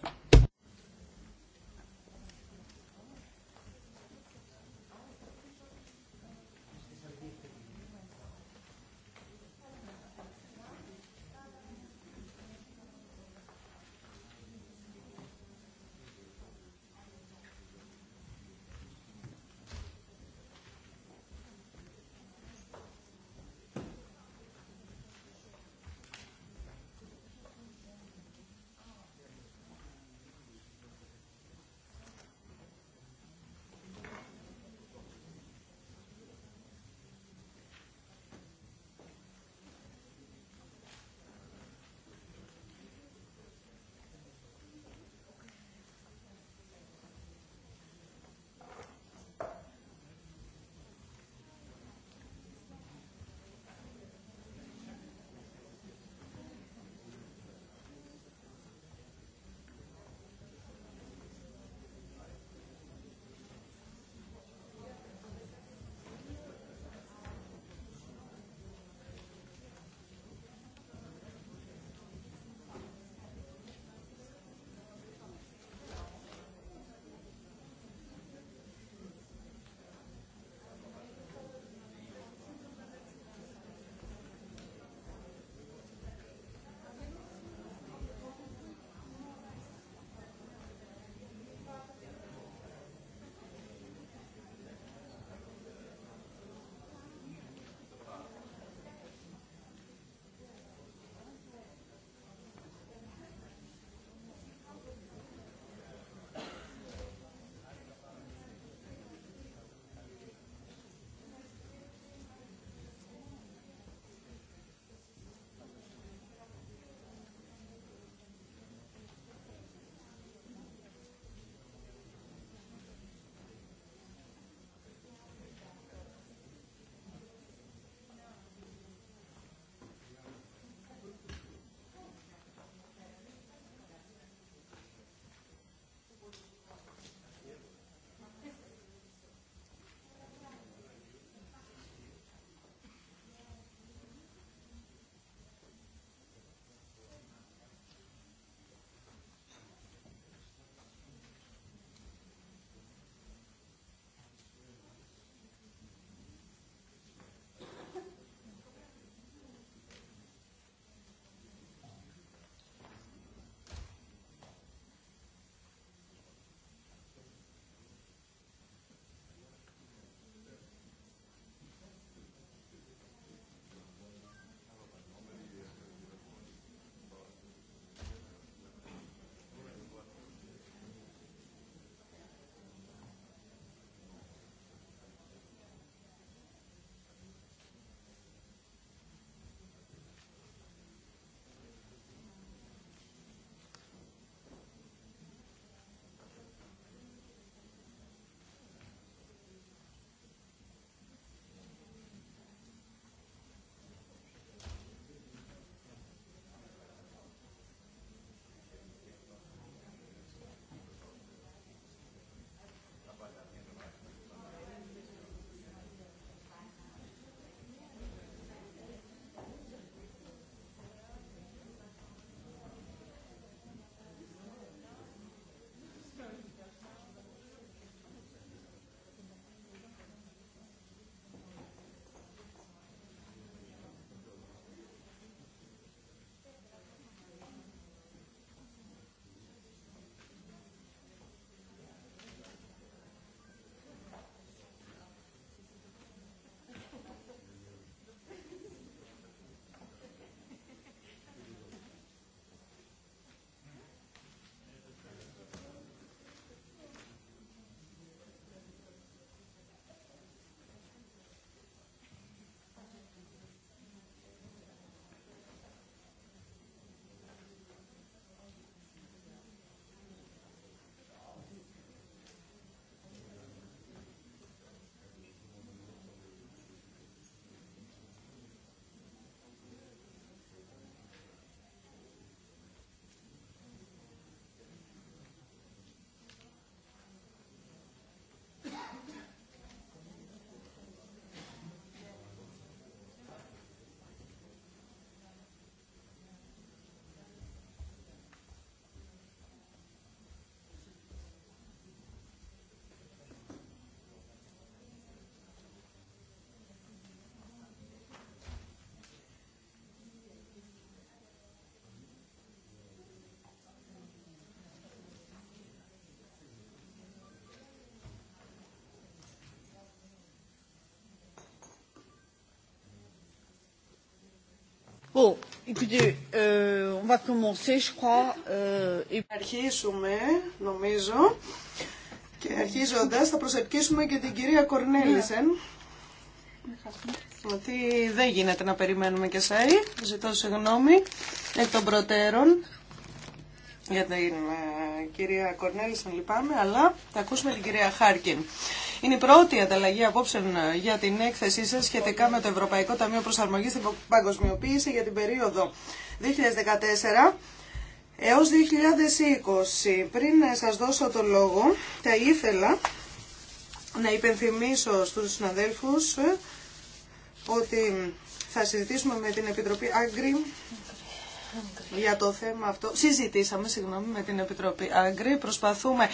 Bon, écoutez, euh, on va commencer, je euh, Αρχίσουμε, νομίζω. Και αρχίζοντα θα προσελκύσουμε και την κυρία Κορνέλισεν. Ότι δεν γίνεται να περιμένουμε και σάι. Ζητώ συγγνώμη εκ των προτέρων για την ε, κυρία Κορνέλισεν λυπάμαι, αλλά θα ακούσουμε την κυρία Χάρκιν. Είναι η πρώτη ανταλλαγή απόψεων ε, για την έκθεσή σας σχετικά με το Ευρωπαϊκό Ταμείο Προσαρμογής στην Παγκοσμιοποίηση για την περίοδο 2014 έως 2020. Πριν σας δώσω το λόγο, θα ήθελα να υπενθυμίσω στους συναδέλφους ε, ότι θα συζητήσουμε με την Επιτροπή Άγκρη για το θέμα αυτό. Συζητήσαμε, συγγνώμη, με την Επιτροπή Άγκρη. Προσπαθούμε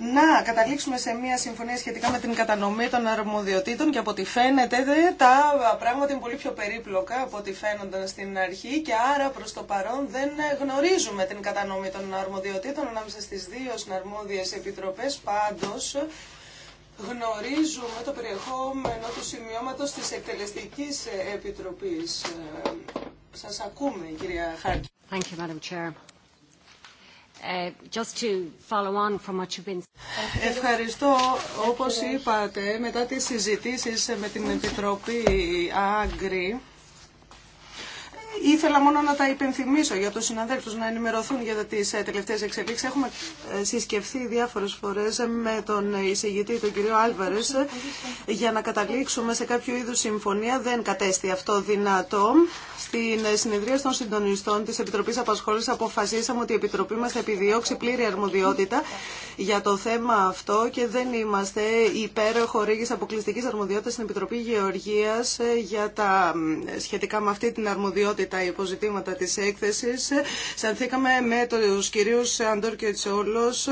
να καταλήξουμε σε μια συμφωνία σχετικά με την κατανομή των αρμοδιοτήτων και από ό,τι φαίνεται τα πράγματα είναι πολύ πιο περίπλοκα από ό,τι φαίνονταν στην αρχή και άρα προς το παρόν δεν γνωρίζουμε την κατανομή των αρμοδιοτήτων ανάμεσα στις δύο συναρμόδιες επιτροπές πάντως γνωρίζουμε το περιεχόμενο του σημειώματος της Εκτελεστικής Επιτροπής. Ε, σας ακούμε κυρία Χάρκη. Ευχαριστώ. Όπως είπατε, μετά τις συζητήσεις με την Επιτροπή Αγρί. Ήθελα μόνο να τα υπενθυμίσω για τους συναδέλφους να ενημερωθούν για τις ε, τελευταίες εξελίξεις. Έχουμε ε, συσκεφθεί διάφορες φορές με τον εισηγητή, τον κύριο Άλβαρες, για να καταλήξουμε σε κάποιο είδους συμφωνία. Δεν κατέστη αυτό δυνατό. Στην συνεδρία των συντονιστών της Επιτροπής Απασχόλησης αποφασίσαμε ότι η Επιτροπή μας θα επιδιώξει πλήρη αρμοδιότητα για το θέμα αυτό και δεν είμαστε υπέρ χορήγηση αποκλειστικής αρμοδιότητας στην Επιτροπή Γεωργίας ε, για τα σχετικά με αυτή την αρμοδιότητα τα υποζητήματα της έκθεσης. Σανθήκαμε με τους κυρίους Αντόρ και Τσόλος.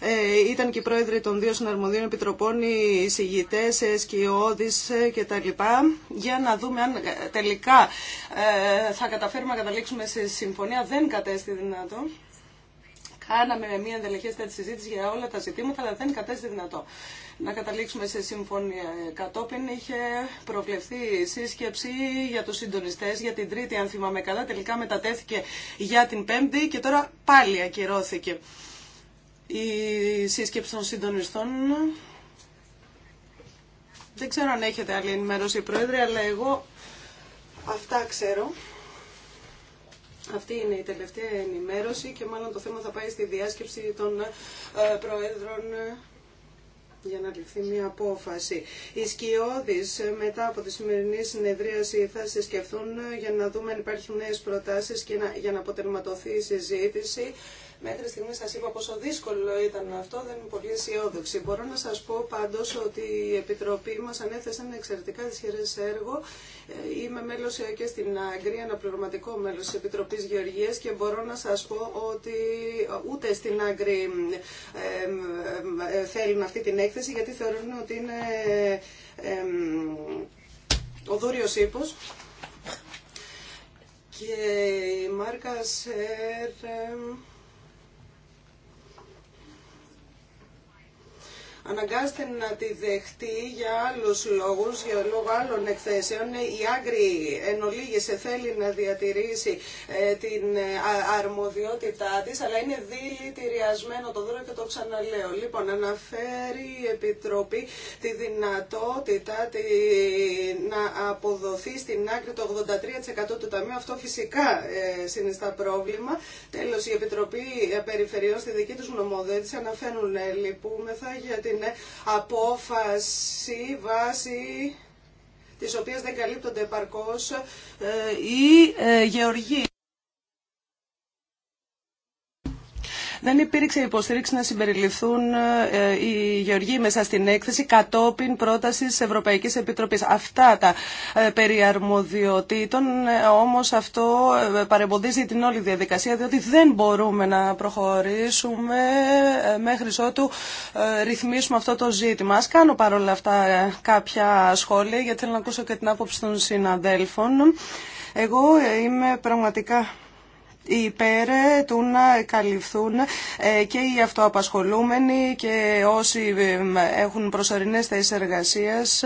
Ε, ήταν και οι πρόεδροι των δύο συναρμοδίων επιτροπών, οι συγητές, σκιώδης και τα λοιπά, για να δούμε αν τελικά ε, θα καταφέρουμε να καταλήξουμε σε συμφωνία. Δεν κατέστη δυνατό. Κάναμε μια ενδελεχέστατη συζήτηση για όλα τα ζητήματα, αλλά δεν κατέστη δυνατό να καταλήξουμε σε συμφωνία. Κατόπιν είχε προβλεφθεί σύσκεψη για τους συντονιστές για την Τρίτη, αν θυμάμαι καλά, τελικά μετατέθηκε για την Πέμπτη και τώρα πάλι ακυρώθηκε. Η σύσκεψη των συντονιστών δεν ξέρω αν έχετε άλλη ενημέρωση, Πρόεδρε, αλλά εγώ αυτά ξέρω. Αυτή είναι η τελευταία ενημέρωση και μάλλον το θέμα θα πάει στη διάσκεψη των ε, Προέδρων για να ληφθεί μια απόφαση. Οι σκιώδεις ε, μετά από τη σημερινή συνεδρίαση θα συσκεφθούν ε, για να δούμε αν υπάρχουν νέες προτάσεις και για να αποτελματωθεί η συζήτηση. Μέχρι στιγμή σα είπα πόσο δύσκολο ήταν αυτό, δεν είμαι πολύ αισιόδοξη. Μπορώ να σα πω πάντω ότι η Επιτροπή μα ανέθεσε ένα εξαιρετικά δυσχερέ έργο. Ε, είμαι μέλο ε, και στην Άγκρη, πληρωματικό μέλο τη Επιτροπή Γεωργία και μπορώ να σα πω ότι ε, ούτε στην Άγκρη θέλουν αυτή την έκθεση γιατί θεωρούν ότι είναι ο δούριο ύπο. και η μάρκα ΣΕΡ Αναγκάστε να τη δεχτεί για άλλους λόγους, για λόγω άλλων εκθέσεων. Η Άγκρη εν ολίγησε θέλει να διατηρήσει ε, την ε, αρμοδιότητά της, αλλά είναι δίλητη το δώρο και το ξαναλέω. Λοιπόν, αναφέρει η Επιτροπή τη δυνατότητα τη, να αποδοθεί στην άκρη το 83% του ταμείου. Αυτό φυσικά ε, συνιστά πρόβλημα. Τέλος, η Επιτροπή ε, Περιφερειών στη δική του νομοθέτηση αναφέρουν ε, λυπούμεθα για την ε, απόφαση βάση τις οποίες δεν καλύπτονται επαρκώς ε, οι γεωργοί. Δεν υπήρξε υποστήριξη να συμπεριληφθούν ε, οι γεωργοί μέσα στην έκθεση κατόπιν πρόταση τη Ευρωπαϊκή Επιτροπή. Αυτά τα ε, περί αρμοδιοτήτων ε, όμω αυτό παρεμποδίζει την όλη διαδικασία διότι δεν μπορούμε να προχωρήσουμε μέχρι ότου ρυθμίσουμε αυτό το ζήτημα. Α κάνω παρόλα αυτά κάποια σχόλια γιατί θέλω να ακούσω και την άποψη των συναδέλφων. Εγώ είμαι πραγματικά υπέρ ε, του να καλυφθούν ε, και οι αυτοαπασχολούμενοι και όσοι ε, έχουν προσωρινές θέσεις εργασίας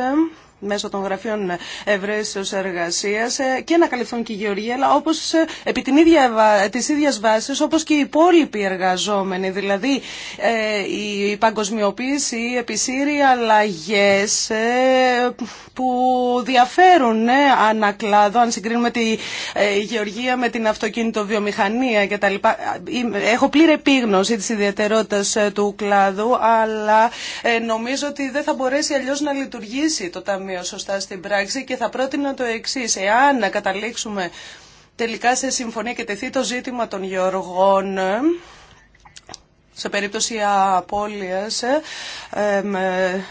μέσω των γραφείων ευρέσεω εργασία ε, και να καλυφθούν και οι γεωργοί, αλλά όπως ε, επί τη ίδια, της ίδιας βάσης, όπως και οι υπόλοιποι εργαζόμενοι, δηλαδή ε, η παγκοσμιοποίηση, οι αλλαγέ αλλαγές που διαφέρουν ανακλάδο, αν συγκρίνουμε τη γεωργία με την αυτοκίνητο βιομηχανία κτλ. Έχω πλήρη επίγνωση της ιδιαίτερότητα του κλάδου, αλλά νομίζω ότι δεν θα μπορέσει αλλιώ να λειτουργήσει το Ταμείο σωστά στην πράξη και θα πρότεινα το εξή. Εάν καταλήξουμε τελικά σε συμφωνία και τεθεί το ζήτημα των γεωργών, σε περίπτωση απώλειας ε, με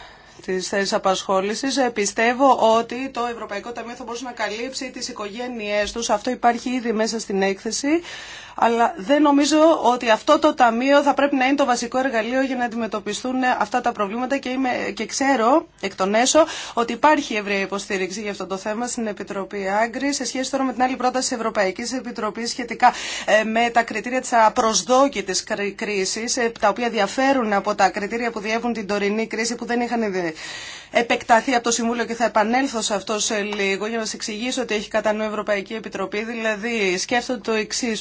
τις απασχόλησης. Ε, πιστεύω ότι το Ευρωπαϊκό Ταμείο θα μπορούσε να καλύψει τις οικογένειές τους. Αυτό υπάρχει ήδη μέσα στην έκθεση αλλά δεν νομίζω ότι αυτό το ταμείο θα πρέπει να είναι το βασικό εργαλείο για να αντιμετωπιστούν αυτά τα προβλήματα και, είμαι, και ξέρω εκ των έσω ότι υπάρχει ευρεία υποστήριξη για αυτό το θέμα στην Επιτροπή Άγκρη σε σχέση τώρα με την άλλη πρόταση Ευρωπαϊκή Ευρωπαϊκής Επιτροπής σχετικά ε, με τα κριτήρια της απροσδόκητης κρίσης ε, τα οποία διαφέρουν από τα κριτήρια που διεύουν την τωρινή κρίση που δεν είχαν ε, επεκταθεί από το Συμβούλιο και θα επανέλθω σε αυτό σε λίγο για να σα εξηγήσω ότι έχει κατά Ευρωπαϊκή Επιτροπή δηλαδή σκέφτονται το εξή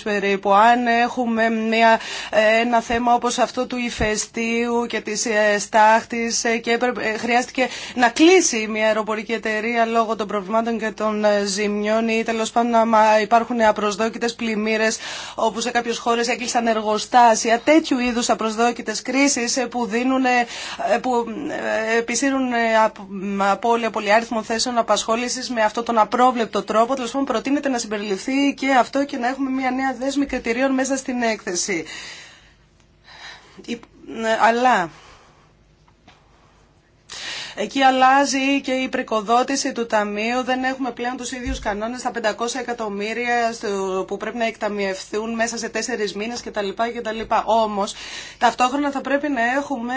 αν έχουμε μια, ε, ένα θέμα όπως αυτό του ηφαιστείου και της ε, στάχτης ε, και έπρεπε, χρειάστηκε να κλείσει μια αεροπορική εταιρεία λόγω των προβλημάτων και των ζημιών ή τέλος πάντων να υπάρχουν απροσδόκητες πλημμύρες όπου σε κάποιες χώρες έκλεισαν εργοστάσια, τέτοιου είδους απροσδόκητες κρίσεις που δίνουν, που επισύρουν απώλεια πολυάριθμων θέσεων απασχόλησης με αυτόν τον απρόβλεπτο τρόπο. Τέλος πάντων προτείνεται να συμπεριληφθεί και αυτό και να έχουμε μια νέα δέσμη κριτηρίων μέσα στην έκθεση. Ε, αλλά Εκεί αλλάζει και η πρικοδότηση του Ταμείου. Δεν έχουμε πλέον τους ίδιους κανόνες τα 500 εκατομμύρια που πρέπει να εκταμιευθούν μέσα σε τέσσερι μήνες κτλ. κτλ. Όμως, ταυτόχρονα θα πρέπει να έχουμε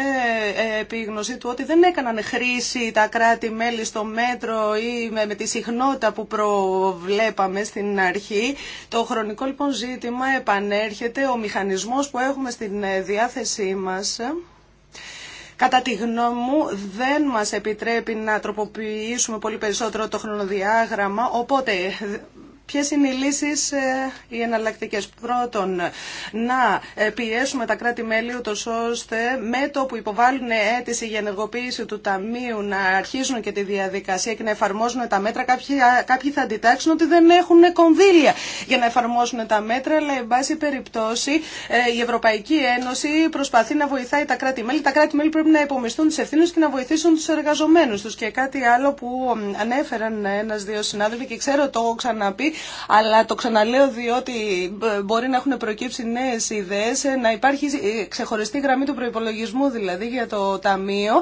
ε, επίγνωση του ότι δεν έκαναν χρήση τα κράτη-μέλη στο μέτρο ή με τη συχνότητα που προβλέπαμε στην αρχή. Το χρονικό λοιπόν ζήτημα επανέρχεται. Ο μηχανισμό που έχουμε στην ε, διάθεσή μας κατά τη γνώμη μου δεν μας επιτρέπει να τροποποιήσουμε πολύ περισσότερο το χρονοδιάγραμμα, οπότε Ποιε είναι οι λύσει, ε, οι εναλλακτικέ. Πρώτον, να ε, πιέσουμε τα κράτη-μέλη, ούτω ώστε με το που υποβάλλουν αίτηση για ενεργοποίηση του Ταμείου να αρχίζουν και τη διαδικασία και να εφαρμόζουν τα μέτρα. Κάποιοι, κάποιοι θα αντιτάξουν ότι δεν έχουν κονδύλια για να εφαρμόσουν τα μέτρα, αλλά εν πάση περιπτώσει ε, η Ευρωπαϊκή Ένωση προσπαθεί να βοηθάει τα κράτη-μέλη. Τα κράτη-μέλη πρέπει να υπομισθούν τι ευθύνε και να βοηθήσουν του εργαζομένου του. Και κάτι άλλο που ανέφεραν ένα-δύο συνάδελφοι και ξέρω το έχω ξαναπεί, αλλά το ξαναλέω διότι ε, μπορεί να έχουν προκύψει νέες ιδέες, ε, να υπάρχει ε, ξεχωριστή γραμμή του προϋπολογισμού δηλαδή για το Ταμείο.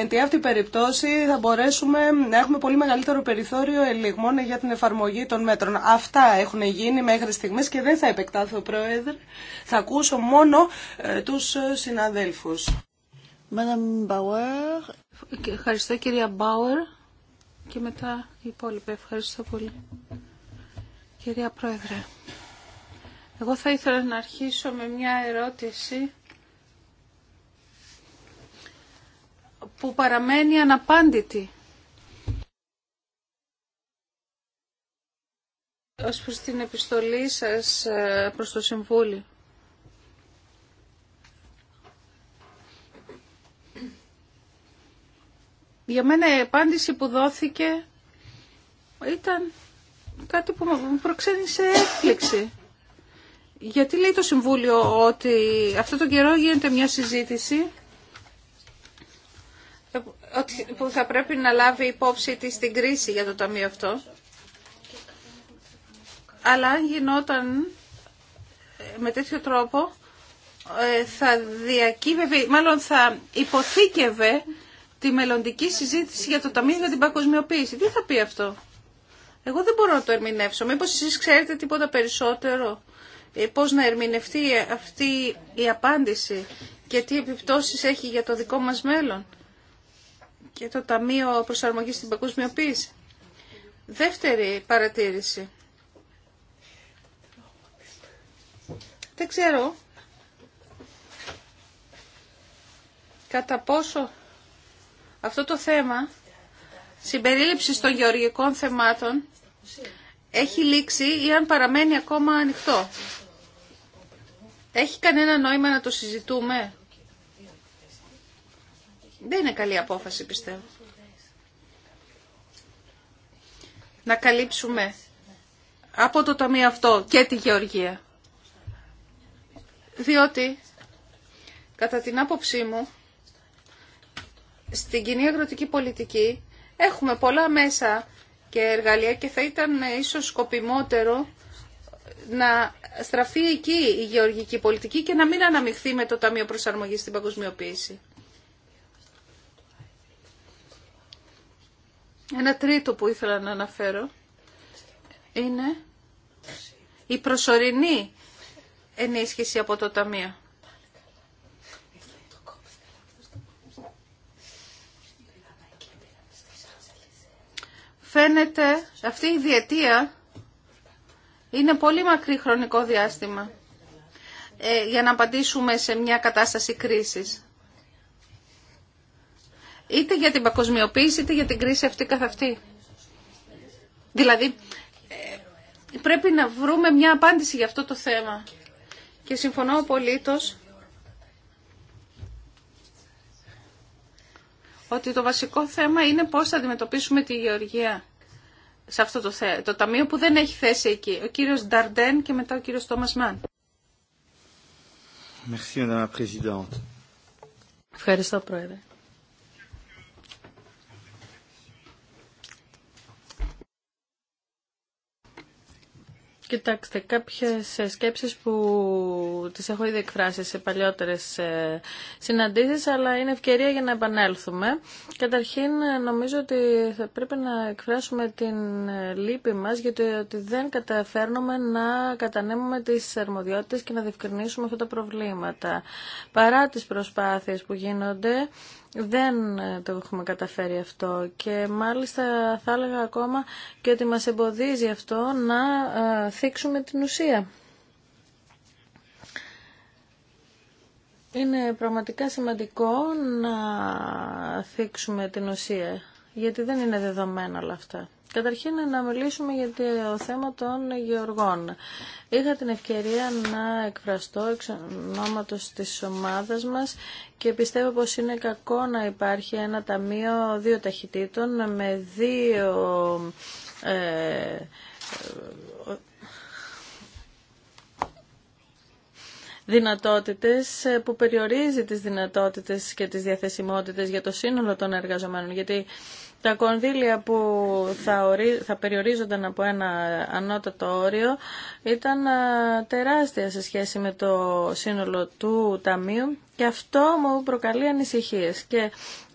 Εν τη αυτή περιπτώσει θα μπορέσουμε να έχουμε πολύ μεγαλύτερο περιθώριο ελιγμών για την εφαρμογή των μέτρων. Αυτά έχουν γίνει μέχρι στιγμή και δεν θα επεκτάθω, Πρόεδρε. Θα ακούσω μόνο του συναδέλφου. Ευχαριστώ κυρία Μπάουερ και μετά οι Ευχαριστώ πολύ. Κυρία Πρόεδρε, εγώ θα ήθελα να αρχίσω με μια ερώτηση που παραμένει αναπάντητη. Ως προς την επιστολή σας ε, προς το Συμβούλιο. Για μένα η απάντηση που δόθηκε ήταν κάτι που μου προξένησε έκπληξη. Γιατί λέει το Συμβούλιο ότι αυτό το καιρό γίνεται μια συζήτηση που θα πρέπει να λάβει υπόψη τη την κρίση για το Ταμείο αυτό. Αλλά αν γινόταν ε, με τέτοιο τρόπο ε, θα διακύβευε, μάλλον θα υποθήκευε τη μελλοντική συζήτηση για το Ταμείο για την Παγκοσμιοποίηση. Τι θα πει αυτό. Εγώ δεν μπορώ να το ερμηνεύσω. Μήπως εσείς ξέρετε τίποτα περισσότερο ε, πώς να ερμηνευτεί ε, αυτή η απάντηση και τι επιπτώσεις έχει για το δικό μας μέλλον και το Ταμείο Προσαρμογής στην Παγκοσμιοποίηση. Δεύτερη παρατήρηση. Δεν ξέρω κατά πόσο αυτό το θέμα συμπερίληψης των γεωργικών θεμάτων έχει λήξει ή αν παραμένει ακόμα ανοιχτό. Έχει κανένα νόημα να το συζητούμε. Δεν είναι καλή απόφαση πιστεύω. Να καλύψουμε από το ταμείο αυτό και τη γεωργία. Διότι, κατά την άποψή μου, στην κοινή αγροτική πολιτική έχουμε πολλά μέσα και και θα ήταν ίσως σκοπιμότερο να στραφεί εκεί η γεωργική πολιτική και να μην αναμειχθεί με το Ταμείο Προσαρμογής στην Παγκοσμιοποίηση. Ένα τρίτο που ήθελα να αναφέρω είναι η προσωρινή ενίσχυση από το Ταμείο. Φαίνεται αυτή η διετία είναι πολύ μακρύ χρονικό διάστημα ε, για να απαντήσουμε σε μια κατάσταση κρίσης. Είτε για την παγκοσμιοποίηση, είτε για την κρίση αυτή καθ' αυτή. Δηλαδή, ε, πρέπει να βρούμε μια απάντηση για αυτό το θέμα. Και συμφωνώ απολύτως ότι το βασικό θέμα είναι πώς θα αντιμετωπίσουμε τη γεωργία σε αυτό το, θέ, το ταμείο που δεν έχει θέση εκεί. Ο κύριος Νταρντέν και μετά ο κύριος Τόμας Μαν. Ευχαριστώ, Πρόεδρε. Κοιτάξτε, κάποιες ε, σκέψεις που τις έχω ήδη εκφράσει σε παλιότερες ε, συναντήσεις, αλλά είναι ευκαιρία για να επανέλθουμε. Καταρχήν, νομίζω ότι θα πρέπει να εκφράσουμε την ε, λύπη μας, γιατί ότι δεν καταφέρνουμε να κατανέμουμε τις αρμοδιότητες και να διευκρινίσουμε αυτά τα προβλήματα. Παρά τις προσπάθειες που γίνονται, δεν το έχουμε καταφέρει αυτό και μάλιστα θα έλεγα ακόμα και ότι μας εμποδίζει αυτό να θίξουμε την ουσία. Είναι πραγματικά σημαντικό να θίξουμε την ουσία, γιατί δεν είναι δεδομένα όλα αυτά. Καταρχήν να μιλήσουμε για το θέμα των γεωργών. Είχα την ευκαιρία να εκφραστώ εξ ονόματος της ομάδας μας και πιστεύω πως είναι κακό να υπάρχει ένα ταμείο δύο ταχυτήτων με δύο ε, δυνατότητες ε, που περιορίζει τις δυνατότητες και τις διαθεσιμότητες για το σύνολο των εργαζομένων. Γιατί τα κονδύλια που θα, θα περιορίζονταν από ένα ανώτατο όριο ήταν ε, τεράστια σε σχέση με το σύνολο του ταμείου και αυτό μου προκαλεί ανησυχίες. Και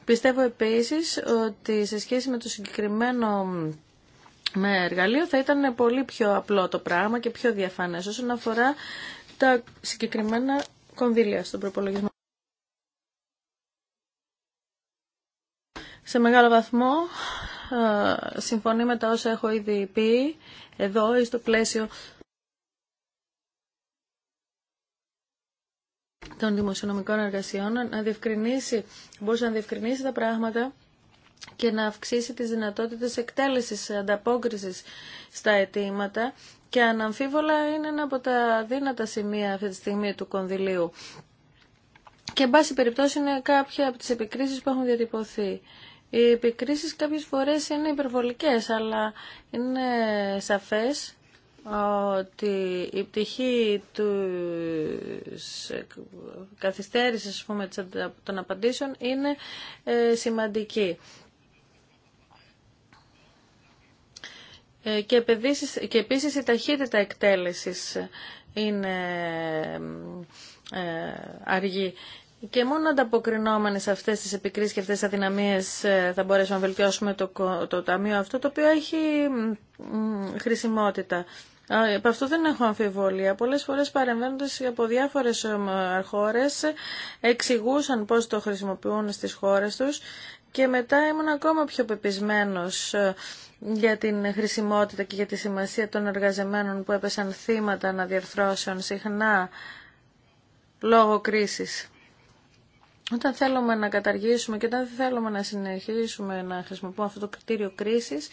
πιστεύω επίσης ότι σε σχέση με το συγκεκριμένο με εργαλείο θα ήταν πολύ πιο απλό το πράγμα και πιο διαφανές όσον αφορά τα συγκεκριμένα κονδύλια στον προπολογισμό. Σε μεγάλο βαθμό ε, συμφωνεί με τα όσα έχω ήδη πει εδώ ή στο πλαίσιο των δημοσιονομικών εργασιών να διευκρινίσει, μπορούσε να διευκρινίσει τα πράγματα και να αυξήσει τις δυνατότητες εκτέλεσης, ανταπόκρισης στα αιτήματα και αναμφίβολα είναι ένα από τα δύνατα σημεία αυτή τη στιγμή του κονδυλίου. Και εν πάση περιπτώσει είναι κάποια από τις επικρίσεις που έχουν διατυπωθεί. Οι επικρίσεις κάποιες φορές είναι υπερβολικές, αλλά είναι σαφές ότι η πτυχή του καθυστέρησης πούμε, των απαντήσεων είναι ε, σημαντική. Ε, και, επίσης η ταχύτητα εκτέλεσης είναι ε, αργή. Και μόνο ανταποκρινόμενοι σε αυτές τις επικρίσεις και αυτές τις αδυναμίες ε, θα μπορέσουμε να βελτιώσουμε το, το ταμείο αυτό, το οποίο έχει χρησιμότητα. Επ' αυτό δεν έχω αμφιβολία. Πολλές φορές παρεμβαίνοντας από διάφορες χώρε εξηγούσαν πώς το χρησιμοποιούν στις χώρες τους και μετά ήμουν ακόμα πιο πεπισμένος για την χρησιμότητα και για τη σημασία των εργαζεμένων που έπεσαν θύματα αναδιαρθρώσεων συχνά λόγω κρίσης. Όταν θέλουμε να καταργήσουμε και όταν θέλουμε να συνεχίσουμε να χρησιμοποιούμε αυτό το κριτήριο κρίσης,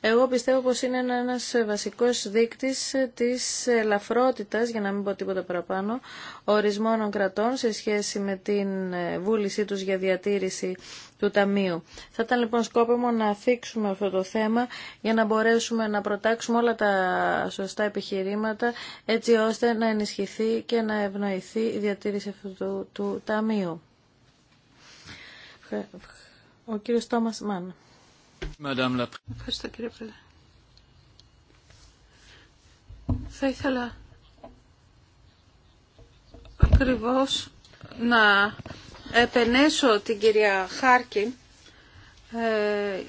εγώ πιστεύω πως είναι ένας βασικός δείκτης της ελαφρότητας, για να μην πω τίποτα παραπάνω, ορισμών κρατών σε σχέση με την ε, βούλησή τους για διατήρηση του Ταμείου. Θα ήταν λοιπόν σκόπιμο να αφήξουμε αυτό το θέμα για να μπορέσουμε να προτάξουμε όλα τα σωστά επιχειρήματα έτσι ώστε να ενισχυθεί και να ευνοηθεί η διατήρηση αυτού του, του Ταμείου. Ο κύριο Τόμας Μάν. Ευχαριστώ κύριε Πρόεδρε. Θα ήθελα ακριβώς να επενέσω την κυρία Χάρκιν ε,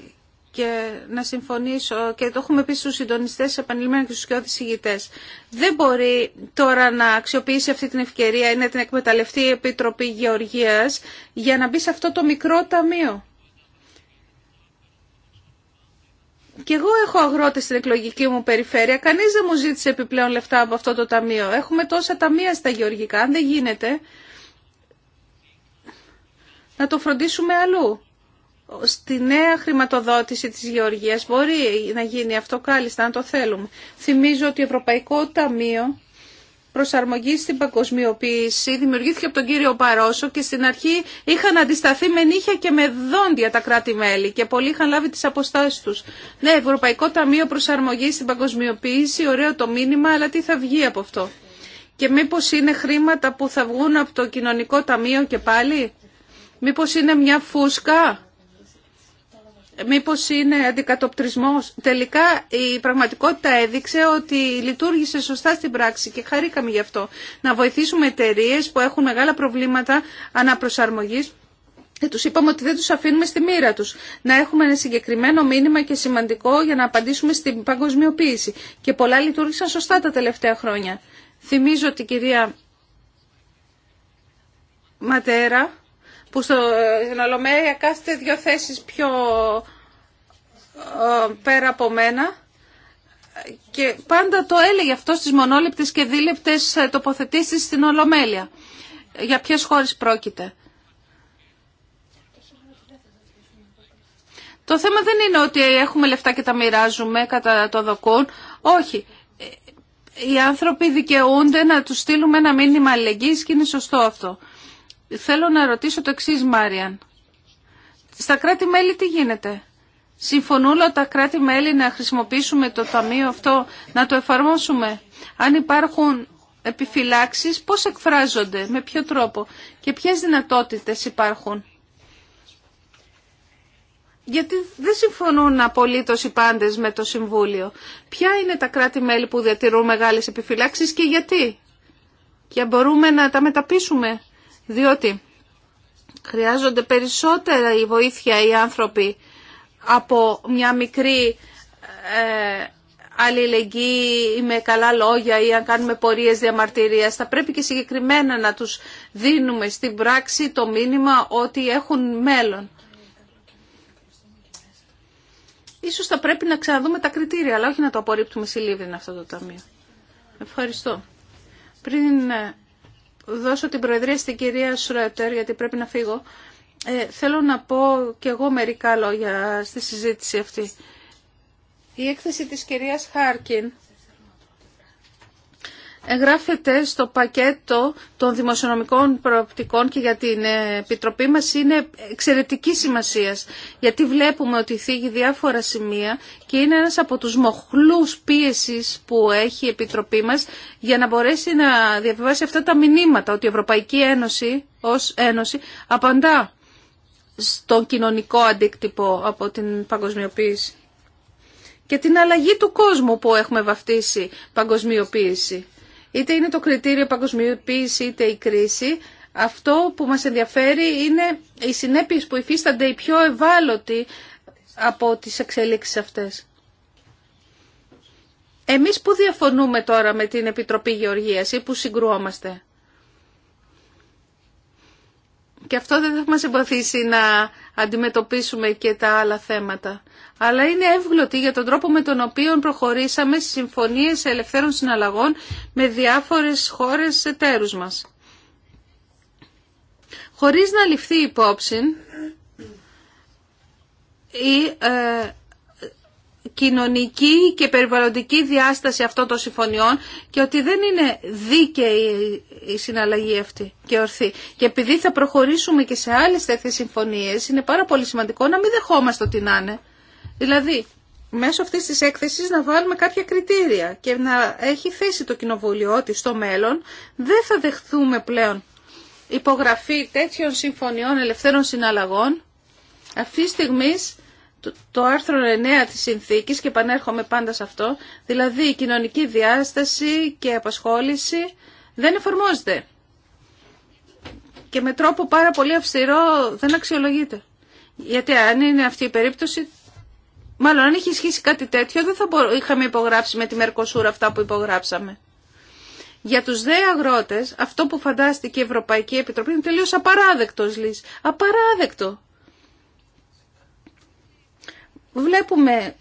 και να συμφωνήσω και το έχουμε πει στους συντονιστές επανειλημμένα και στους κοιόδης ηγητές. Δεν μπορεί τώρα να αξιοποιήσει αυτή την ευκαιρία ή να την εκμεταλλευτεί η Επιτροπή Γεωργίας για να μπει σε αυτό το μικρό ταμείο. Και εγώ έχω αγρότες στην εκλογική μου περιφέρεια. Κανείς δεν μου ζήτησε επιπλέον λεφτά από αυτό το ταμείο. Έχουμε τόσα ταμεία στα γεωργικά. Αν δεν γίνεται, να το φροντίσουμε αλλού στη νέα χρηματοδότηση της γεωργίας μπορεί να γίνει αυτό κάλλιστα αν το θέλουμε. Θυμίζω ότι το Ευρωπαϊκό Ταμείο προσαρμογή στην παγκοσμιοποίηση δημιουργήθηκε από τον κύριο Παρόσο και στην αρχή είχαν αντισταθεί με νύχια και με δόντια τα κράτη-μέλη και πολλοί είχαν λάβει τι αποστάσει του. Ναι, Ευρωπαϊκό Ταμείο προσαρμογή στην Παγκοσμιοποίηση, ωραίο το μήνυμα, αλλά τι θα βγει από αυτό. Και μήπω είναι χρήματα που θα βγουν από το Κοινωνικό Ταμείο και πάλι. μήπω είναι μια φούσκα μήπως είναι αντικατοπτρισμός. Τελικά η πραγματικότητα έδειξε ότι λειτουργήσε σωστά στην πράξη και χαρήκαμε γι' αυτό. Να βοηθήσουμε εταιρείε που έχουν μεγάλα προβλήματα αναπροσαρμογής και τους είπαμε ότι δεν τους αφήνουμε στη μοίρα τους. Να έχουμε ένα συγκεκριμένο μήνυμα και σημαντικό για να απαντήσουμε στην παγκοσμιοποίηση. Και πολλά λειτουργήσαν σωστά τα τελευταία χρόνια. Θυμίζω ότι κυρία Ματέρα που στο, στην Ολομέλεια κάθεται δύο θέσεις πιο ε, πέρα από μένα και πάντα το έλεγε αυτό στις μονόληπτες και δίλεπτες ε, τοποθετήσεις στην Ολομέλεια. Για ποιες χώρες πρόκειται. Το θέμα δεν είναι ότι έχουμε λεφτά και τα μοιράζουμε κατά το δοκούν. Όχι. Οι άνθρωποι δικαιούνται να τους στείλουμε ένα μήνυμα αλληλεγγύης και είναι σωστό αυτό. Θέλω να ρωτήσω το εξή, Μάριαν. Στα κράτη-μέλη τι γίνεται. Συμφωνούν τα κράτη-μέλη να χρησιμοποιήσουμε το ταμείο αυτό, να το εφαρμόσουμε. Αν υπάρχουν επιφυλάξεις, πώς εκφράζονται, με ποιο τρόπο και ποιες δυνατότητες υπάρχουν. Γιατί δεν συμφωνούν απολύτω οι πάντες με το Συμβούλιο. Ποια είναι τα κράτη-μέλη που διατηρούν μεγάλες επιφυλάξεις και γιατί. Και μπορούμε να τα μεταπίσουμε διότι χρειάζονται περισσότερα η βοήθεια οι άνθρωποι από μια μικρή ε, αλληλεγγύη ή με καλά λόγια ή αν κάνουμε πορείες διαμαρτυρίας. Θα πρέπει και συγκεκριμένα να τους δίνουμε στην πράξη το μήνυμα ότι έχουν μέλλον. Ίσως θα πρέπει να ξαναδούμε τα κριτήρια, αλλά όχι να το απορρίπτουμε σε αυτό το ταμείο. Ευχαριστώ. Πριν ε, δώσω την προεδρία στην κυρία Σρότερ, γιατί πρέπει να φύγω. Ε, θέλω να πω και εγώ μερικά λόγια στη συζήτηση αυτή. Η έκθεση της κυρίας Χάρκιν εγγράφεται στο πακέτο των δημοσιονομικών προοπτικών και για την Επιτροπή μας είναι εξαιρετική σημασία γιατί βλέπουμε ότι θίγει διάφορα σημεία και είναι ένας από τους μοχλούς πίεσης που έχει η Επιτροπή μας για να μπορέσει να διαβιβάσει αυτά τα μηνύματα, ότι η Ευρωπαϊκή Ένωση ως Ένωση απαντά στον κοινωνικό αντίκτυπο από την παγκοσμιοποίηση και την αλλαγή του κόσμου που έχουμε βαφτίσει παγκοσμιοποίηση είτε είναι το κριτήριο παγκοσμιοποίηση είτε η κρίση, αυτό που μας ενδιαφέρει είναι οι συνέπειες που υφίστανται οι πιο ευάλωτοι από τις εξελίξεις αυτές. Εμείς που διαφωνούμε τώρα με την Επιτροπή Γεωργίας ή που συγκρουόμαστε. Και αυτό δεν θα μας εμποθήσει να αντιμετωπίσουμε και τα άλλα θέματα αλλά είναι εύγλωτη για τον τρόπο με τον οποίο προχωρήσαμε στις συμφωνίες ελευθέρων συναλλαγών με διάφορες χώρες εταίρους μας. Χωρίς να ληφθεί υπόψη η ε, κοινωνική και περιβαλλοντική διάσταση αυτών των συμφωνιών και ότι δεν είναι δίκαιη η συναλλαγή αυτή και ορθή. Και επειδή θα προχωρήσουμε και σε άλλες τέτοιες συμφωνίες, είναι πάρα πολύ σημαντικό να μην δεχόμαστε ότι να είναι. Δηλαδή, μέσω αυτής της έκθεσης να βάλουμε κάποια κριτήρια και να έχει θέση το κοινοβούλιο ότι στο μέλλον δεν θα δεχθούμε πλέον υπογραφή τέτοιων συμφωνιών ελευθέρων συναλλαγών. Αυτή τη στιγμή το άρθρο 9 της συνθήκης και επανέρχομαι πάντα σε αυτό, δηλαδή η κοινωνική διάσταση και απασχόληση δεν εφαρμόζεται και με τρόπο πάρα πολύ αυστηρό δεν αξιολογείται. Γιατί αν είναι αυτή η περίπτωση Μάλλον αν είχε ισχύσει κάτι τέτοιο δεν θα είχαμε υπογράψει με τη Μερκοσούρα αυτά που υπογράψαμε. Για τους δε αγρότες αυτό που φαντάστηκε η Ευρωπαϊκή Επιτροπή είναι τελείως απαράδεκτος λύση. Απαράδεκτο. Βλέπουμε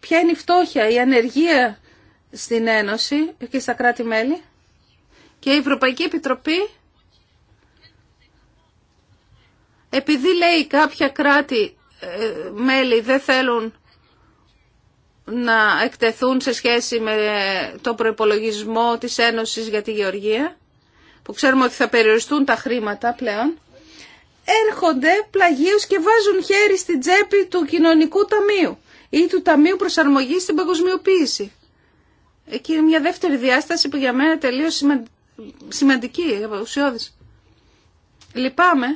ποια είναι η φτώχεια, η ανεργία στην Ένωση και στα κράτη-μέλη και η Ευρωπαϊκή Επιτροπή επειδή λέει κάποια κράτη ε, μέλη δεν θέλουν να εκτεθούν σε σχέση με το προϋπολογισμό της Ένωσης για τη Γεωργία, που ξέρουμε ότι θα περιοριστούν τα χρήματα πλέον, έρχονται πλαγίους και βάζουν χέρι στην τσέπη του κοινωνικού ταμείου ή του Ταμείου Προσαρμογής στην Παγκοσμιοποίηση. Εκεί είναι μια δεύτερη διάσταση που για μένα τελείω τελείως σημαντική, ουσιώδης. Λυπάμαι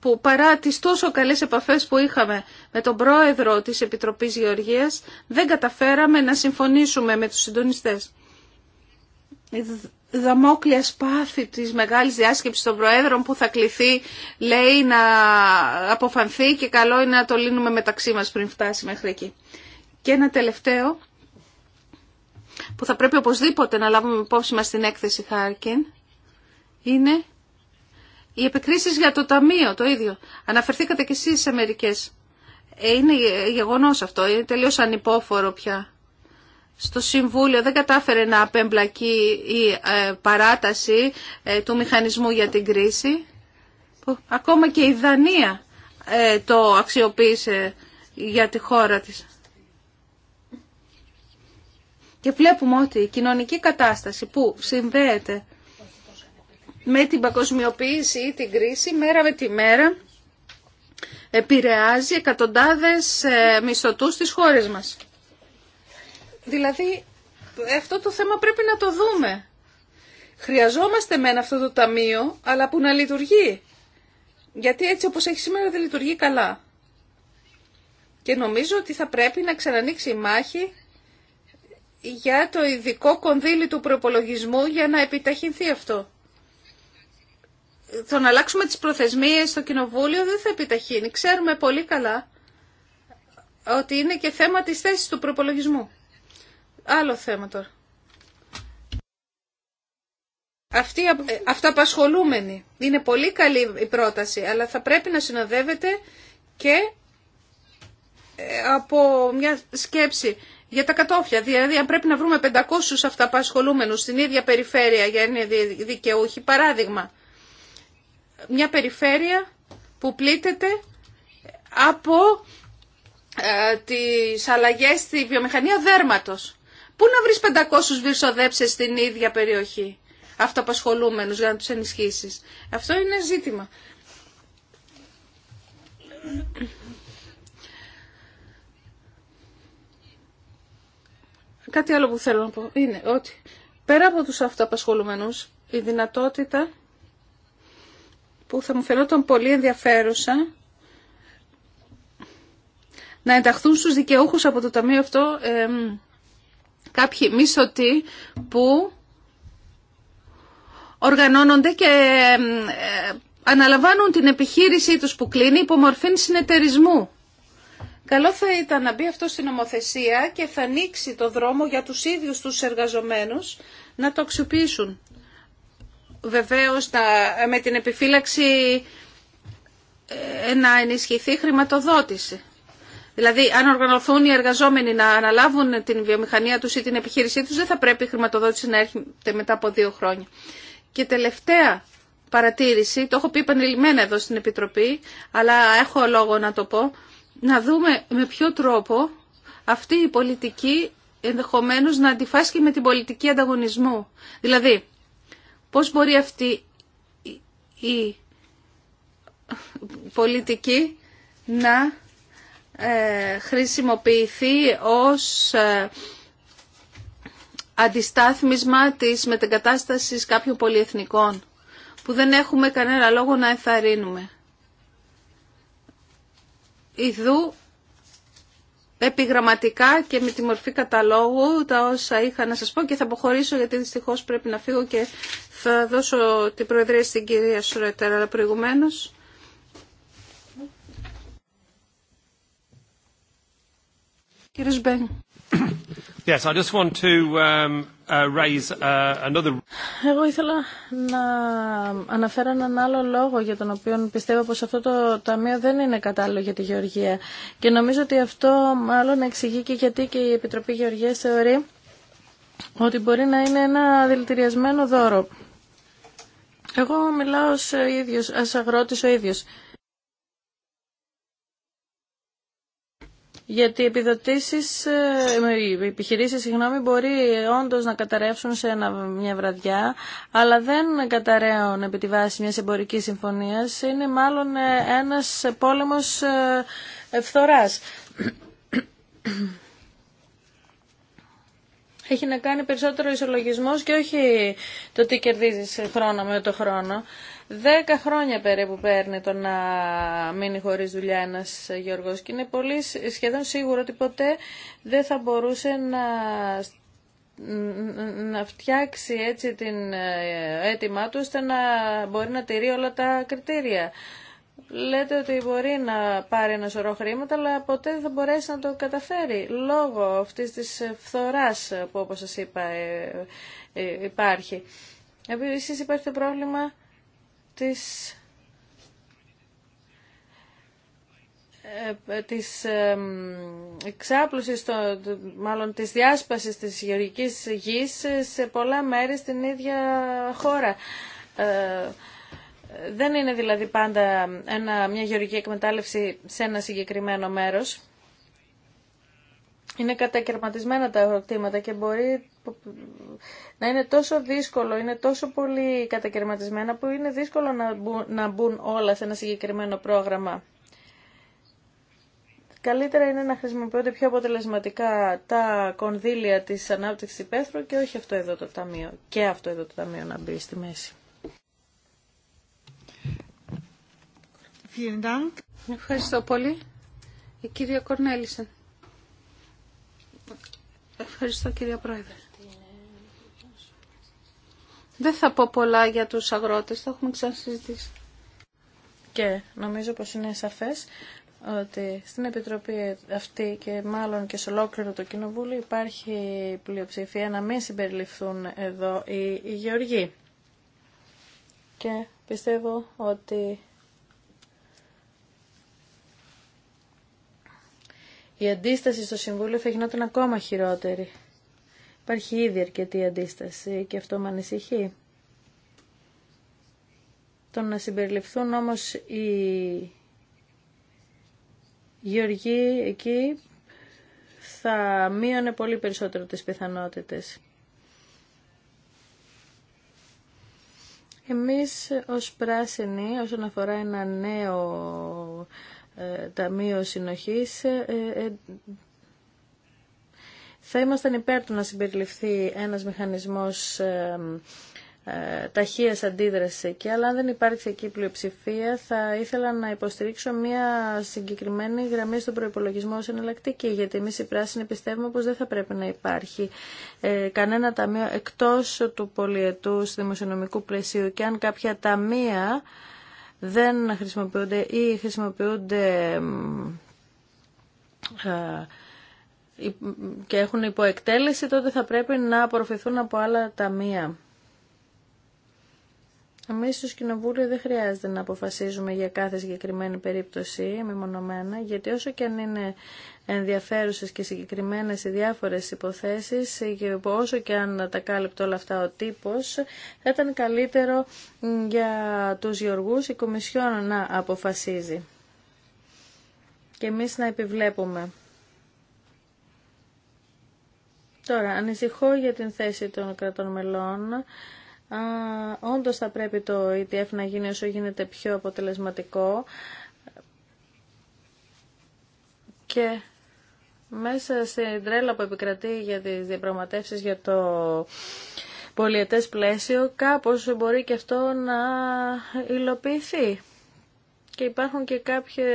που παρά τις τόσο καλές επαφές που είχαμε με τον πρόεδρο της Επιτροπής Γεωργίας δεν καταφέραμε να συμφωνήσουμε με τους συντονιστές. Η δαμόκλια σπάθη της μεγάλης διάσκεψης των προέδρων που θα κληθεί λέει να αποφανθεί και καλό είναι να το λύνουμε μεταξύ μας πριν φτάσει μέχρι εκεί. Και ένα τελευταίο που θα πρέπει οπωσδήποτε να λάβουμε υπόψη μας στην έκθεση Χάρκιν είναι οι επικρίσεις για το Ταμείο, το ίδιο. Αναφερθήκατε κι εσείς σε μερικές. Είναι γεγονός αυτό, είναι τελείως ανυπόφορο πια. Στο Συμβούλιο δεν κατάφερε να απεμπλακεί η ε, παράταση ε, του μηχανισμού για την κρίση. Που ακόμα και η Δανία ε, το αξιοποίησε για τη χώρα της. Και βλέπουμε ότι η κοινωνική κατάσταση που συνδέεται με την παγκοσμιοποίηση ή την κρίση μέρα με τη μέρα επηρεάζει εκατοντάδες ε, μισθωτούς της χώρες μας. Δηλαδή, αυτό το θέμα πρέπει να το δούμε. Χρειαζόμαστε μένα αυτό το ταμείο, αλλά που να λειτουργεί. Γιατί έτσι όπως έχει σήμερα δεν λειτουργεί καλά. Και νομίζω ότι θα πρέπει να ξανανοίξει η μάχη για το ειδικό κονδύλι του προπολογισμού για να επιταχυνθεί αυτό το να αλλάξουμε τις προθεσμίες στο Κοινοβούλιο δεν θα επιταχύνει. Ξέρουμε πολύ καλά ότι είναι και θέμα της θέσης του προπολογισμού. Άλλο θέμα τώρα. Αυτοί, ε, αυτά Είναι πολύ καλή η πρόταση, αλλά θα πρέπει να συνοδεύεται και ε, από μια σκέψη για τα κατόφια. Δηλαδή, αν πρέπει να βρούμε 500 αυταπασχολούμενους στην ίδια περιφέρεια για να είναι δικαιούχοι, παράδειγμα, μια περιφέρεια που πλήττεται από ε, τις αλλαγές στη βιομηχανία δέρματος. Πού να βρεις 500 βυρσοδέψες στην ίδια περιοχή αυτοπασχολούμενους για να τους ενισχύσεις. Αυτό είναι ζήτημα. Κάτι άλλο που θέλω να πω είναι ότι πέρα από τους αυτοαπασχολούμενους η δυνατότητα που θα μου φαινόταν πολύ ενδιαφέρουσα να ενταχθούν στους δικαιούχους από το Ταμείο αυτό ε, κάποιοι μισθωτοί που οργανώνονται και ε, αναλαμβάνουν την επιχείρησή τους που κλείνει υπό μορφή συνεταιρισμού. Καλό θα ήταν να μπει αυτό στην νομοθεσία και θα ανοίξει το δρόμο για τους ίδιους τους εργαζομένους να το αξιοποιήσουν βεβαίως με την επιφύλαξη ε, να ενισχυθεί χρηματοδότηση. Δηλαδή, αν οργανωθούν οι εργαζόμενοι να αναλάβουν την βιομηχανία τους ή την επιχείρησή τους, δεν θα πρέπει η χρηματοδότηση να έρχεται μετά από δύο χρόνια. Και τελευταία παρατήρηση, το έχω πει επανειλημμένα εδώ στην Επιτροπή, αλλά έχω λόγο να το πω, να δούμε με ποιο τρόπο αυτή η πολιτική ενδεχομένως να αντιφάσκει με την πολιτική ανταγωνισμού. Δηλαδή, Πώς μπορεί αυτή η πολιτική να ε, χρησιμοποιηθεί ως ε, αντιστάθμισμα της μετεγκατάστασης κάποιων πολυεθνικών που δεν έχουμε κανένα λόγο να εθαρρύνουμε. Ιδού επιγραμματικά και με τη μορφή καταλόγου τα όσα είχα να σας πω και θα αποχωρήσω γιατί δυστυχώς πρέπει να φύγω και θα δώσω την προεδρία στην κυρία Σουρέτερ αλλά προηγουμένως Κύριε Σμπέν. Yes, I just want to um, uh, raise uh, another. Εγώ ήθελα να αναφέρω έναν άλλο λόγο για τον οποίο πιστεύω πως αυτό το ταμείο δεν είναι κατάλληλο για τη Γεωργία. Και νομίζω ότι αυτό μάλλον εξηγεί και γιατί και η Επιτροπή Γεωργίας θεωρεί ότι μπορεί να είναι ένα δηλητηριασμένο δώρο. Εγώ μιλάω ω ίδιος, ως αγρότης ο ίδιος. γιατί οι επιδοτήσεις, ε, επιχειρήσεις συγγνώμη, μπορεί όντω να καταρρεύσουν σε μια βραδιά, αλλά δεν καταραίουν επί τη βάση μιας εμπορικής συμφωνίας. Είναι μάλλον ε, ένας πόλεμος ε, ευθορά. Έχει να κάνει περισσότερο ισολογισμός και όχι το τι κερδίζεις χρόνο με το χρόνο. Δέκα χρόνια περίπου παίρνει το να μείνει χωρίς δουλειά ένας Γιώργος και είναι πολύ σχεδόν σίγουρο ότι ποτέ δεν θα μπορούσε να να φτιάξει έτσι την ε, αίτημά του ώστε να μπορεί να τηρεί όλα τα κριτήρια. Λέτε ότι μπορεί να πάρει ένα σωρό χρήματα, αλλά ποτέ δεν θα μπορέσει να το καταφέρει λόγω αυτής της φθοράς που όπως σας είπα ε, ε, υπάρχει. Επίσης υπάρχει το πρόβλημα της ε, της ε, εξάπλωσης, μάλλον της διάσπασης της γεωργικής γης σε πολλά μέρη στην ίδια χώρα. Ε, δεν είναι δηλαδή πάντα ένα, μια γεωργική εκμετάλλευση σε ένα συγκεκριμένο μέρος. Είναι κατακαιρματισμένα τα αγροκτήματα και μπορεί να είναι τόσο δύσκολο, είναι τόσο πολύ κατακαιρματισμένα που είναι δύσκολο να μπουν, να μπουν όλα σε ένα συγκεκριμένο πρόγραμμα. Καλύτερα είναι να χρησιμοποιούνται πιο αποτελεσματικά τα κονδύλια της ανάπτυξης υπαίθρου και όχι αυτό εδώ το ταμείο. Και αυτό εδώ το ταμείο να μπει στη μέση. Ευχαριστώ πολύ. Η κυρία Κορνέλισεν. Ευχαριστώ κυρία Πρόεδρε. Δεν θα πω πολλά για τους αγρότες, Θα έχουμε ξανασυζητήσει. Και νομίζω πως είναι σαφές ότι στην Επιτροπή αυτή και μάλλον και σε ολόκληρο το Κοινοβούλιο υπάρχει πλειοψηφία να μην συμπεριληφθούν εδώ οι, οι γεωργοί. Και πιστεύω ότι η αντίσταση στο Συμβούλιο θα γινόταν ακόμα χειρότερη. Υπάρχει ήδη αρκετή αντίσταση και αυτό με ανησυχεί. Το να συμπεριληφθούν όμως οι γεωργοί εκεί θα μείωνε πολύ περισσότερο τις πιθανότητες. Εμείς ως πράσινοι όσον αφορά ένα νέο ε, ταμείο συνοχής ε, ε, θα ήμασταν υπέρ του να συμπεριληφθεί ένας μηχανισμός ε, ε, ταχείας αντίδραση και αλλά αν δεν υπάρξει εκεί πλειοψηφία θα ήθελα να υποστηρίξω μια συγκεκριμένη γραμμή στον προϋπολογισμό ως εναλλακτική γιατί εμείς οι πράσινοι πιστεύουμε πως δεν θα πρέπει να υπάρχει ε, κανένα ταμείο εκτός του πολιετού δημοσιονομικού πλαισίου και αν κάποια ταμεία δεν χρησιμοποιούνται ή χρησιμοποιούνται και έχουν υποεκτέλεση, τότε θα πρέπει να απορροφηθούν από άλλα ταμεία. Εμεί στο Κοινοβούλιο δεν χρειάζεται να αποφασίζουμε για κάθε συγκεκριμένη περίπτωση μεμονωμένα, γιατί όσο και αν είναι ενδιαφέρουσες και συγκεκριμένες οι διάφορες υποθέσεις όσο και αν τα κάλυπτε όλα αυτά ο τύπος θα ήταν καλύτερο για τους γεωργούς η Κομισιόν να αποφασίζει και εμείς να επιβλέπουμε. Τώρα, ανησυχώ για την θέση των κρατών μελών. Α, όντως θα πρέπει το ETF να γίνει όσο γίνεται πιο αποτελεσματικό και μέσα στην τρέλα που επικρατεί για τις διαπραγματεύσεις για το πολιετές πλαίσιο κάπως μπορεί και αυτό να υλοποιηθεί και υπάρχουν και κάποιε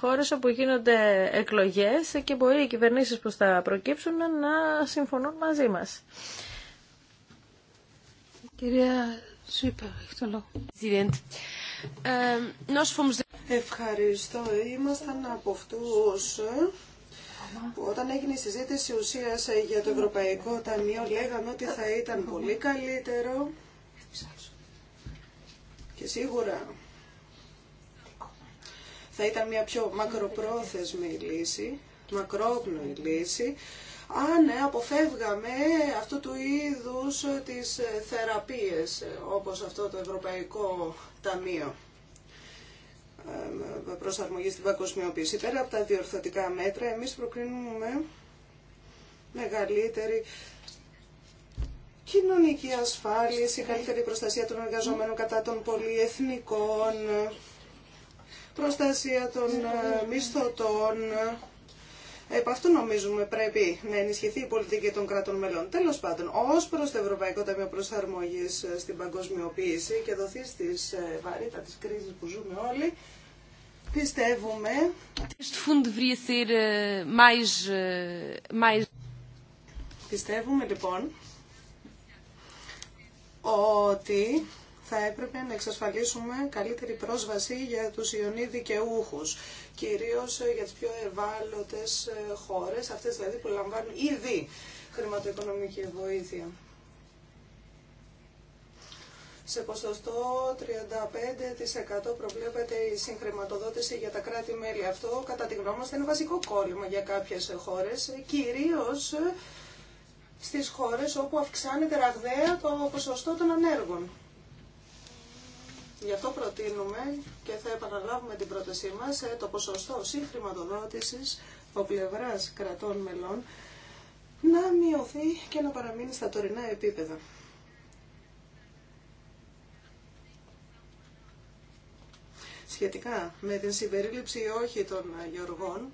χώρε όπου γίνονται εκλογέ και μπορεί οι κυβερνήσει που θα προκύψουν να συμφωνούν μαζί μα. Κυρία έχει το λόγο. Ευχαριστώ. Ήμασταν από αυτού που όταν έγινε η συζήτηση ουσία για το Ευρωπαϊκό Ταμείο λέγαμε ότι θα ήταν πολύ καλύτερο και σίγουρα θα ήταν μια πιο μακροπρόθεσμη λύση, μακρόπνοη λύση, αν ε, αποφεύγαμε αυτού του είδους ε, τις ε, θεραπείες, όπως αυτό το Ευρωπαϊκό Ταμείο προσαρμογή στην παγκοσμιοποίηση. Πέρα από τα διορθωτικά μέτρα, εμείς προκρίνουμε μεγαλύτερη κοινωνική ασφάλιση, καλύτερη προστασία των εργαζομένων κατά των πολυεθνικών, προστασία των ε, μισθωτών. Ε, επ' αυτού νομίζουμε πρέπει να ενισχυθεί η πολιτική των κρατών μελών. Τέλος πάντων, ως προς το Ευρωπαϊκό Ταμείο Προσαρμογής ε, στην παγκοσμιοποίηση και δοθεί στις βαρύτα της κρίσης που ζούμε όλοι, πιστεύουμε... Πιστεύουμε λοιπόν ότι θα έπρεπε να εξασφαλίσουμε καλύτερη πρόσβαση για τους ιονί δικαιούχου. κυρίως ε, για τις πιο ευάλωτες ε, χώρες, αυτές δηλαδή που λαμβάνουν ήδη χρηματοοικονομική βοήθεια. Σε ποσοστό 35% προβλέπεται η συγχρηματοδότηση για τα κράτη-μέλη. Αυτό, κατά τη γνώμη μας, είναι βασικό κόλλημα για κάποιες χώρες, κυρίως ε, στις χώρες όπου αυξάνεται ραγδαία το ποσοστό των ανέργων. Γι' αυτό προτείνουμε και θα επαναλάβουμε την πρότασή μας ε, το ποσοστό συγχρηματοδότησης ο πλευρά κρατών μελών να μειωθεί και να παραμείνει στα τωρινά επίπεδα. Σχετικά με την συμπερίληψη ή όχι των γεωργών,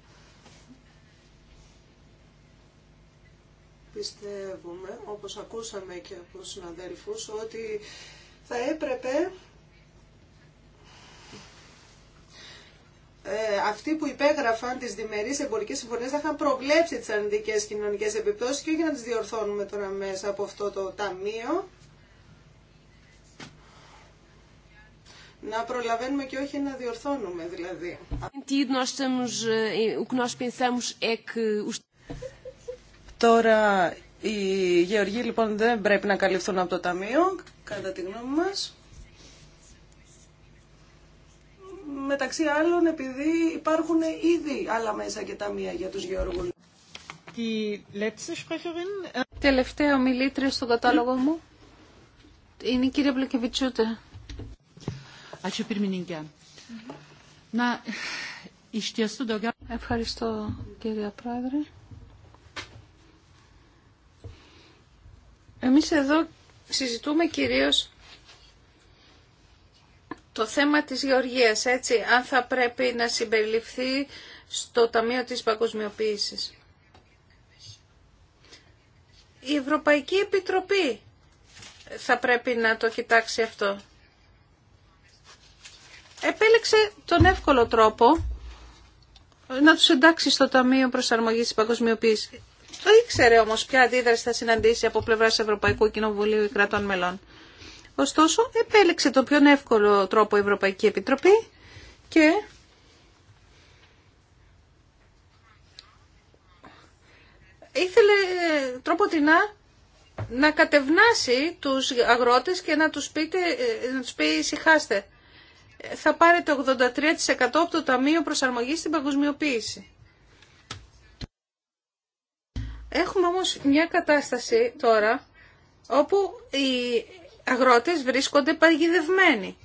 πιστεύουμε, όπως ακούσαμε και από συναδέλφους, ότι θα έπρεπε Ε, αυτοί που υπέγραφαν τις διμερεί εμπορικέ συμφωνίε θα είχαν προβλέψει τι αρνητικέ κοινωνικέ επιπτώσει και όχι να τι διορθώνουμε τώρα μέσα από αυτό το ταμείο. Να προλαβαίνουμε και όχι να διορθώνουμε δηλαδή. Eh, e, τώρα οι γεωργοί λοιπόν δεν πρέπει να καλυφθούν από το ταμείο, κατά τη γνώμη μας. μεταξύ άλλων επειδή υπάρχουν ήδη άλλα μέσα και ταμεία για τους γεωργούς. Ε, Τελευταία ομιλήτρια στον κατάλογο μου είναι η κυρία Μπλεκεβιτσούτε. Ευχαριστώ κυρία Πρόεδρε. Εμείς εδώ συζητούμε κυρίως το θέμα της γεωργίας, έτσι, αν θα πρέπει να συμπεριληφθεί στο Ταμείο της Παγκοσμιοποίησης. Η Ευρωπαϊκή Επιτροπή θα πρέπει να το κοιτάξει αυτό. Επέλεξε τον εύκολο τρόπο να τους εντάξει στο Ταμείο Προσαρμογής της Παγκοσμιοποίησης. Το ήξερε όμως ποια αντίδραση θα συναντήσει από πλευράς Ευρωπαϊκού Κοινοβουλίου ή κρατών μελών. Ωστόσο, επέλεξε τον πιο εύκολο τρόπο η Ευρωπαϊκή Επιτροπή και ήθελε ε, τρόπο την να κατευνάσει τους αγρότες και να τους, πείτε, ε, να τους πει ησυχάστε. Θα πάρετε 83% από το Ταμείο Προσαρμογής στην Παγκοσμιοποίηση. Έχουμε όμως μια κατάσταση τώρα όπου η αγρότες βρίσκονται παγιδευμένοι.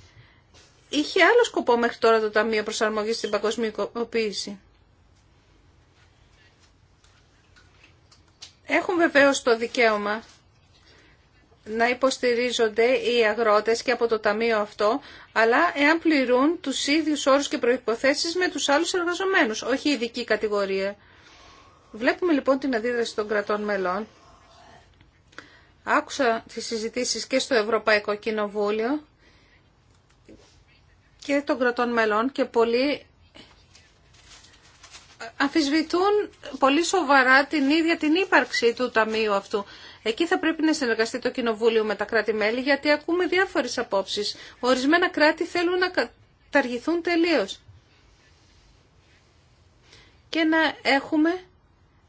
Είχε άλλο σκοπό μέχρι τώρα το Ταμείο Προσαρμογής στην Παγκοσμιοποίηση. Έχουν βεβαίως το δικαίωμα να υποστηρίζονται οι αγρότες και από το ταμείο αυτό, αλλά εάν πληρούν τους ίδιους όρους και προϋποθέσεις με τους άλλους εργαζομένους, όχι ειδική κατηγορία. Βλέπουμε λοιπόν την αντίδραση των κρατών μελών Άκουσα τις συζητήσεις και στο Ευρωπαϊκό Κοινοβούλιο και των κρατών μελών και πολλοί αμφισβητούν πολύ σοβαρά την ίδια την ύπαρξη του Ταμείου αυτού. Εκεί θα πρέπει να συνεργαστεί το Κοινοβούλιο με τα κράτη-μέλη γιατί ακούμε διάφορες απόψεις. Ορισμένα κράτη θέλουν να καταργηθούν τελείως και να έχουμε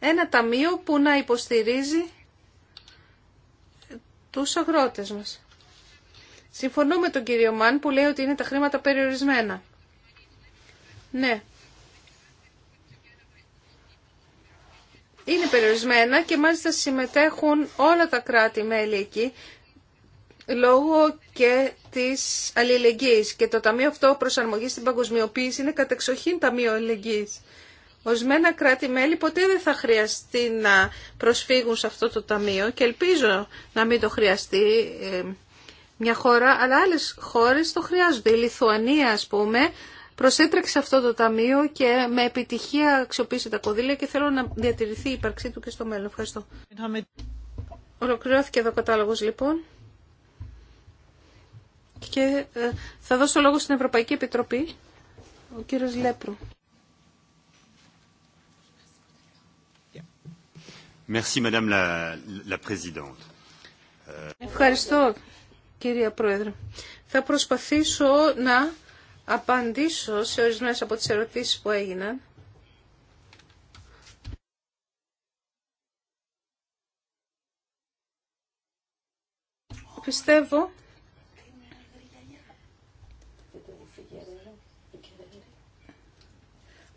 ένα ταμείο που να υποστηρίζει τους αγρότες μας. Συμφωνώ με τον κύριο Μαν που λέει ότι είναι τα χρήματα περιορισμένα. Ναι. Είναι περιορισμένα και μάλιστα συμμετέχουν όλα τα κράτη-μέλη εκεί λόγω και της αλληλεγγύης. Και το Ταμείο αυτό προσαρμογής στην παγκοσμιοποίηση είναι κατεξοχήν Ταμείο Αλληλεγγύης. Ορισμένα κράτη-μέλη ποτέ δεν θα χρειαστεί να προσφύγουν σε αυτό το ταμείο και ελπίζω να μην το χρειαστεί ε, μια χώρα, αλλά άλλες χώρες το χρειάζονται. Η Λιθουανία, ας πούμε, προσέτρεξε αυτό το ταμείο και με επιτυχία αξιοποίησε τα κονδύλια και θέλω να διατηρηθεί η ύπαρξή του και στο μέλλον. Ευχαριστώ. Ολοκληρώθηκε εδώ ο κατάλογος λοιπόν. Και ε, θα δώσω λόγο στην Ευρωπαϊκή Επιτροπή, ο κύριος Λέπρου. Ευχαριστώ, κυρία Πρόεδρε. Θα προσπαθήσω να απαντήσω σε ορισμένες από τις ερωτήσεις που έγιναν. Πιστεύω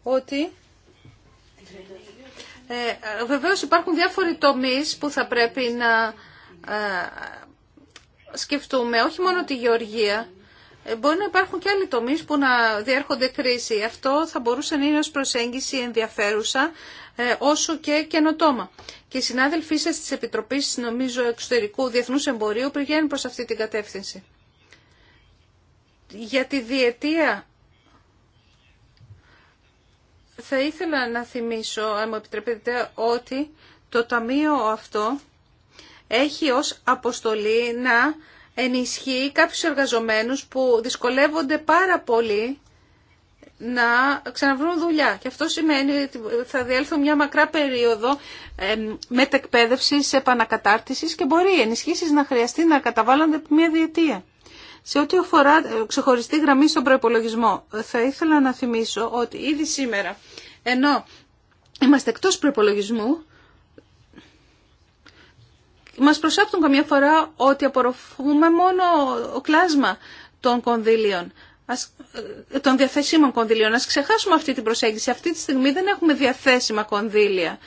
ότι ε, βεβαίως υπάρχουν διάφοροι τομείς που θα πρέπει να ε, σκεφτούμε, όχι μόνο τη γεωργία. Ε, μπορεί να υπάρχουν και άλλοι τομείς που να διέρχονται κρίση. Αυτό θα μπορούσε να είναι ως προσέγγιση ενδιαφέρουσα, ε, όσο και καινοτόμα. Και οι συνάδελφοί σας της Επιτροπής, νομίζω, εξωτερικού διεθνούς εμπορίου πηγαίνουν προς αυτή την κατεύθυνση. Για τη διετία θα ήθελα να θυμίσω, αν μου επιτρέπετε, ότι το Ταμείο αυτό έχει ως αποστολή να ενισχύει κάποιους εργαζομένους που δυσκολεύονται πάρα πολύ να ξαναβρούν δουλειά. Και αυτό σημαίνει ότι θα διέλθουν μια μακρά περίοδο μετεκπαίδευσης, επανακατάρτισης και μπορεί οι ενισχύσεις να χρειαστεί να καταβάλλονται μια διετία. Σε ό,τι αφορά ε, ξεχωριστή γραμμή στον προπολογισμό, θα ήθελα να θυμίσω ότι ήδη σήμερα, ενώ είμαστε εκτό προπολογισμού, μας προσάπτουν καμιά φορά ότι απορροφούμε μόνο ο κλάσμα των κονδύλιων ε, των διαθέσιμων κονδυλίων. Ας ξεχάσουμε αυτή την προσέγγιση. Αυτή τη στιγμή δεν έχουμε διαθέσιμα κονδύλια.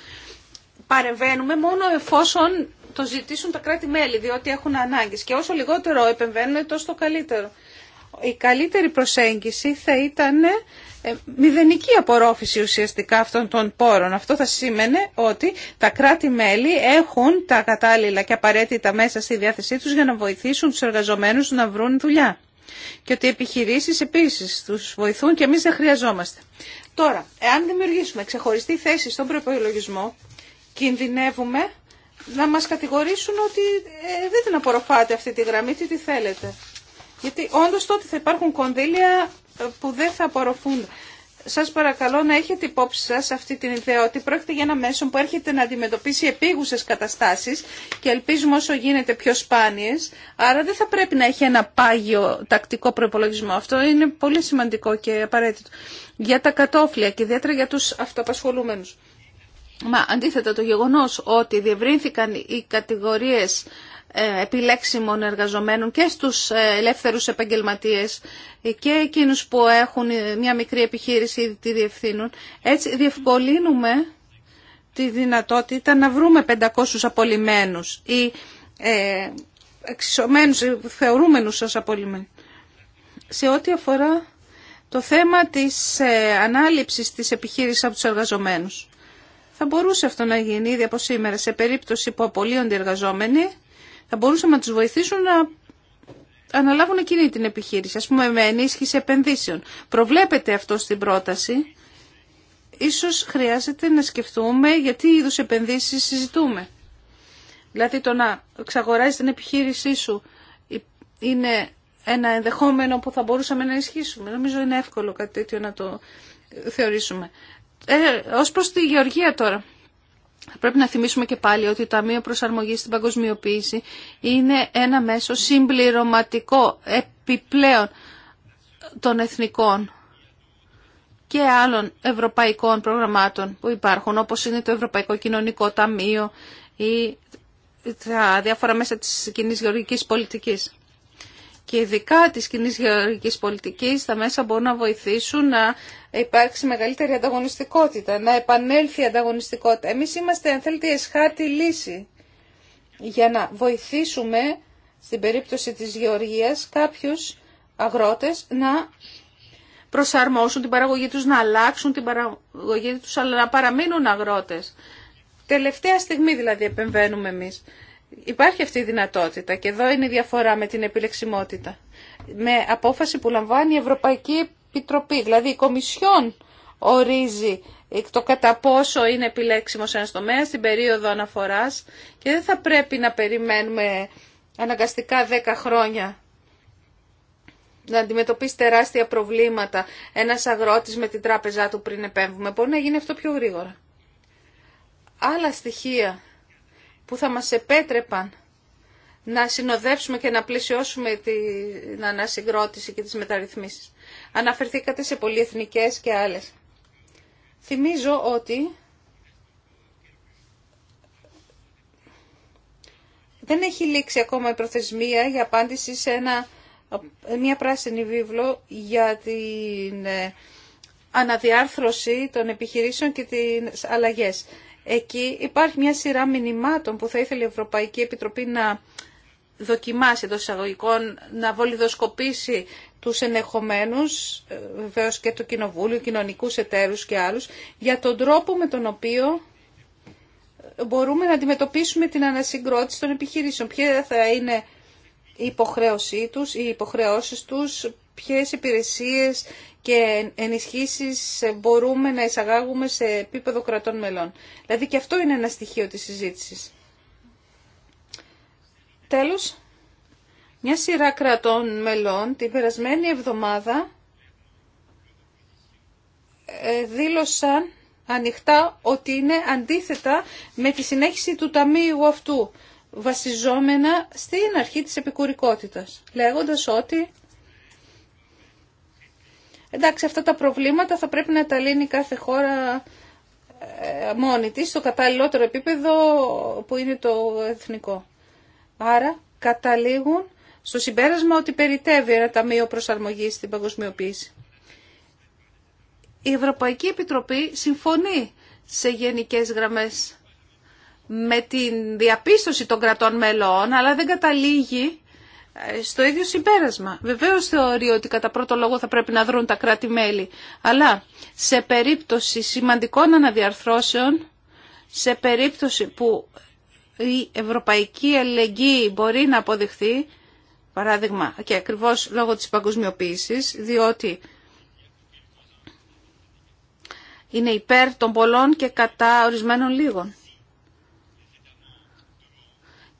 Παρεβαίνουμε μόνο εφόσον το ζητήσουν τα κράτη-μέλη, διότι έχουν ανάγκες. Και όσο λιγότερο επεμβαίνουν, τόσο καλύτερο. Η καλύτερη προσέγγιση θα ήταν ε, μηδενική απορρόφηση ουσιαστικά αυτών των πόρων. Αυτό θα σήμαινε ότι τα κράτη-μέλη έχουν τα κατάλληλα και απαραίτητα μέσα στη διάθεσή τους για να βοηθήσουν τους εργαζομένους να βρουν δουλειά. Και ότι οι επιχειρήσεις επίσης τους βοηθούν και εμείς δεν χρειαζόμαστε. Τώρα, εάν δημιουργήσουμε ξεχωριστή θέση στον προπολογισμό, κινδυνεύουμε να μας κατηγορήσουν ότι ε, δεν την απορροφάτε αυτή τη γραμμή, τι τη θέλετε. Γιατί όντως τότε θα υπάρχουν κονδύλια ε, που δεν θα απορροφούν. Σας παρακαλώ να έχετε υπόψη σας αυτή την ιδέα ότι πρόκειται για ένα μέσο που έρχεται να αντιμετωπίσει επίγουσες καταστάσεις και ελπίζουμε όσο γίνεται πιο σπάνιες, άρα δεν θα πρέπει να έχει ένα πάγιο τακτικό προπολογισμό. Αυτό είναι πολύ σημαντικό και απαραίτητο για τα κατόφλια και ιδιαίτερα για τους αυτοαπασχολούμενους αντίθετα το γεγονός ότι διευρύνθηκαν οι κατηγορίες ε, επιλέξιμων εργαζομένων και στους ε, ελεύθερους επαγγελματίες και εκείνους που έχουν ε, μια μικρή επιχείρηση ή τη διευθύνουν. Έτσι διευκολύνουμε τη δυνατότητα να βρούμε 500 απολυμμένους ή ε, εξισωμένους, θεωρούμενους ως απολυμμένους. Σε ό,τι αφορά το θέμα της ανάληψης της επιχείρησης από τους εργαζομένους. Θα μπορούσε αυτό να γίνει ήδη από σήμερα σε περίπτωση που απολύονται οι εργαζόμενοι. Θα μπορούσαμε να του βοηθήσουν να αναλάβουν εκείνη την επιχείρηση, α πούμε με ενίσχυση επενδύσεων. Προβλέπεται αυτό στην πρόταση. Ίσως χρειάζεται να σκεφτούμε γιατί είδους επενδύσεις συζητούμε. Δηλαδή το να εξαγοράζει την επιχείρησή σου είναι ένα ενδεχόμενο που θα μπορούσαμε να ισχύσουμε. Νομίζω είναι εύκολο κάτι τέτοιο να το θεωρήσουμε. Ε, ως προς τη γεωργία τώρα. Πρέπει να θυμίσουμε και πάλι ότι το Ταμείο Προσαρμογής στην Παγκοσμιοποίηση είναι ένα μέσο συμπληρωματικό επιπλέον των εθνικών και άλλων ευρωπαϊκών προγραμμάτων που υπάρχουν, όπως είναι το Ευρωπαϊκό Κοινωνικό Ταμείο ή τα διάφορα μέσα της κοινή γεωργικής πολιτικής και ειδικά της κοινή γεωργικής πολιτικής τα μέσα μπορούν να βοηθήσουν να υπάρξει μεγαλύτερη ανταγωνιστικότητα, να επανέλθει η ανταγωνιστικότητα. Εμείς είμαστε, αν θέλετε, η εσχάτη λύση για να βοηθήσουμε στην περίπτωση της γεωργίας κάποιους αγρότες να προσαρμόσουν την παραγωγή τους, να αλλάξουν την παραγωγή τους, αλλά να παραμείνουν αγρότες. Τελευταία στιγμή δηλαδή επεμβαίνουμε εμείς. Υπάρχει αυτή η δυνατότητα και εδώ είναι η διαφορά με την επιλεξιμότητα. Με απόφαση που λαμβάνει η Ευρωπαϊκή Επιτροπή, δηλαδή η Κομισιόν ορίζει το κατά πόσο είναι επιλέξιμος ένας τομέας στην περίοδο αναφοράς και δεν θα πρέπει να περιμένουμε αναγκαστικά 10 χρόνια να αντιμετωπίσει τεράστια προβλήματα ένας αγρότης με την τράπεζά του πριν επέμβουμε. Μπορεί να γίνει αυτό πιο γρήγορα. Άλλα στοιχεία που θα μας επέτρεπαν να συνοδεύσουμε και να πλησιώσουμε την ανασυγκρότηση και τις μεταρρυθμίσεις. Αναφερθήκατε σε πολυεθνικές και άλλες. Θυμίζω ότι δεν έχει λήξει ακόμα η προθεσμία για απάντηση σε ένα, μια πράσινη βίβλο για την ε, αναδιάρθρωση των επιχειρήσεων και τις αλλαγές. Εκεί υπάρχει μια σειρά μηνυμάτων που θα ήθελε η Ευρωπαϊκή Επιτροπή να δοκιμάσει εντό εισαγωγικών, να βολιδοσκοπήσει τους ενεχομένους, ε, βεβαίω και το Κοινοβούλιο, κοινωνικούς εταίρους και άλλους, για τον τρόπο με τον οποίο ε, μπορούμε να αντιμετωπίσουμε την ανασυγκρότηση των επιχειρήσεων. Ποια θα είναι η υποχρέωσή τους, οι υποχρεώσεις τους, ποιες υπηρεσίες και ενισχύσεις μπορούμε να εισαγάγουμε σε επίπεδο κρατών μελών. Δηλαδή και αυτό είναι ένα στοιχείο της συζήτησης. Τέλος, μια σειρά κρατών μελών την περασμένη εβδομάδα ε, δήλωσαν ανοιχτά ότι είναι αντίθετα με τη συνέχιση του ταμείου αυτού, βασιζόμενα στην αρχή της επικουρικότητας, λέγοντας ότι Εντάξει, αυτά τα προβλήματα θα πρέπει να τα λύνει κάθε χώρα ε, μόνη της στο καταλληλότερο επίπεδο που είναι το εθνικό. Άρα καταλήγουν στο συμπέρασμα ότι περιτεύει ένα ταμείο προσαρμογής στην παγκοσμιοποίηση. Η Ευρωπαϊκή Επιτροπή συμφωνεί σε γενικές γραμμές με την διαπίστωση των κρατών μελών, αλλά δεν καταλήγει στο ίδιο συμπέρασμα. Βεβαίως θεωρεί ότι κατά πρώτο λόγο θα πρέπει να δρουν τα κράτη-μέλη, αλλά σε περίπτωση σημαντικών αναδιαρθρώσεων, σε περίπτωση που η ευρωπαϊκή ελεγγύη μπορεί να αποδειχθεί, παράδειγμα και ακριβώς λόγω της παγκοσμιοποίησης, διότι είναι υπέρ των πολλών και κατά ορισμένων λίγων.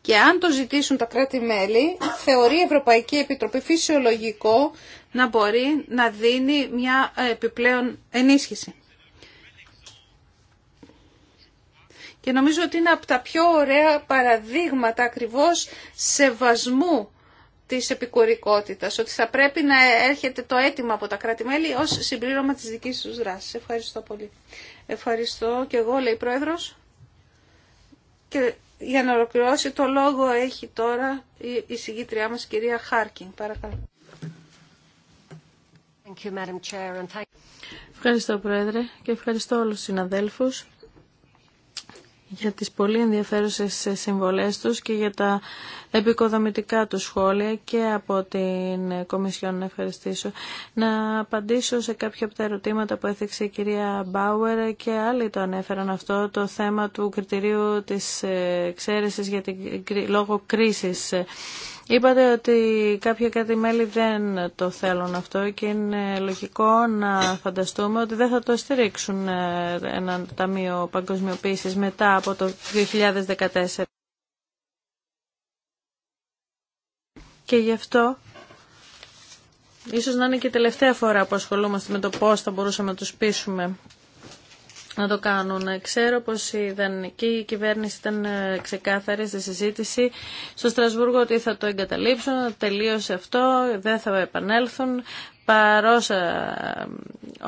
Και αν το ζητήσουν τα κράτη-μέλη, θεωρεί η Ευρωπαϊκή Επιτροπή φυσιολογικό να μπορεί να δίνει μια επιπλέον ενίσχυση. Και νομίζω ότι είναι από τα πιο ωραία παραδείγματα ακριβώς σεβασμού της επικουρικότητας, ότι θα πρέπει να έρχεται το αίτημα από τα κράτη-μέλη ως συμπλήρωμα της δικής τους δράσης. Ευχαριστώ πολύ. Ευχαριστώ και εγώ, λέει η Πρόεδρος. Για να ολοκληρώσει το λόγο έχει τώρα η συγγήτριά μας κυρία Χάρκιν. Παρακαλώ. Ευχαριστώ Πρόεδρε και ευχαριστώ όλους τους συναδέλφους για τις πολύ ενδιαφέρουσες συμβολές τους και για τα επικοδομητικά του σχόλια και από την Κομισιόν να ευχαριστήσω. Να απαντήσω σε κάποια από τα ερωτήματα που έθεξε η κυρία Μπάουερ και άλλοι το ανέφεραν αυτό, το θέμα του κριτηρίου της ε, εξαίρεσης για λόγω κρίσης. Είπατε ότι κάποια κάτι μέλη δεν το θέλουν αυτό και είναι λογικό να φανταστούμε ότι δεν θα το στηρίξουν ε, ένα ταμείο παγκοσμιοποίησης μετά από το 2014. Και γι' αυτό ίσως να είναι και η τελευταία φορά που ασχολούμαστε με το πώς θα μπορούσαμε να τους πείσουμε να το κάνουν. Ξέρω πως η δανεική κυβέρνηση ήταν ε, ξεκάθαρη στη συζήτηση στο Στρασβούργο ότι θα το εγκαταλείψουν, τελείωσε αυτό, δεν θα επανέλθουν παρόσα, ε,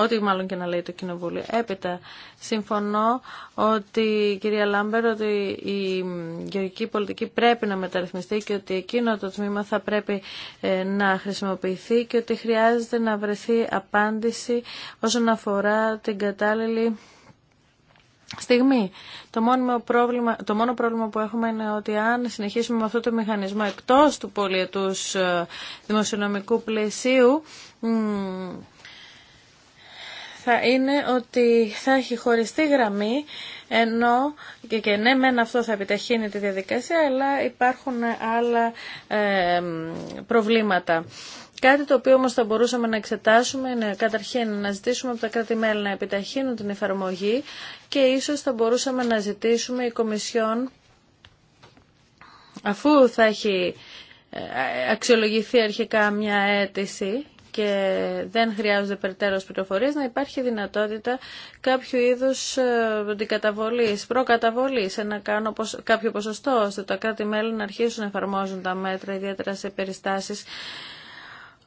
ό,τι μάλλον και να λέει το Κοινοβούλιο. Έπειτα, συμφωνώ ότι, κυρία Λάμπερ, ότι η γεωργική πολιτική πρέπει να μεταρρυθμιστεί και ότι εκείνο το τμήμα θα πρέπει ε, να χρησιμοποιηθεί και ότι χρειάζεται να βρεθεί απάντηση όσον αφορά την κατάλληλη στιγμή. Το μόνο, πρόβλημα, το μόνο πρόβλημα που έχουμε είναι ότι αν συνεχίσουμε με αυτό το μηχανισμό εκτός του πολιετούς ε, δημοσιονομικού πλαισίου, θα είναι ότι θα έχει χωριστή γραμμή ενώ και, και ναι μεν αυτό θα επιταχύνει τη διαδικασία αλλά υπάρχουν άλλα ε, προβλήματα. Κάτι το οποίο όμως θα μπορούσαμε να εξετάσουμε είναι καταρχήν να ζητήσουμε από τα κράτη-μέλη να επιταχύνουν την εφαρμογή και ίσως θα μπορούσαμε να ζητήσουμε η Κομισιόν αφού θα έχει ε, αξιολογηθεί αρχικά μια αίτηση και δεν χρειάζονται περαιτέρω πληροφορίε, να υπάρχει δυνατότητα κάποιου είδου ε, αντικαταβολή, προκαταβολή, να κάνω κάποιο ποσοστό, ώστε τα κράτη-μέλη να αρχίσουν να εφαρμόζουν τα μέτρα, ιδιαίτερα σε περιστάσει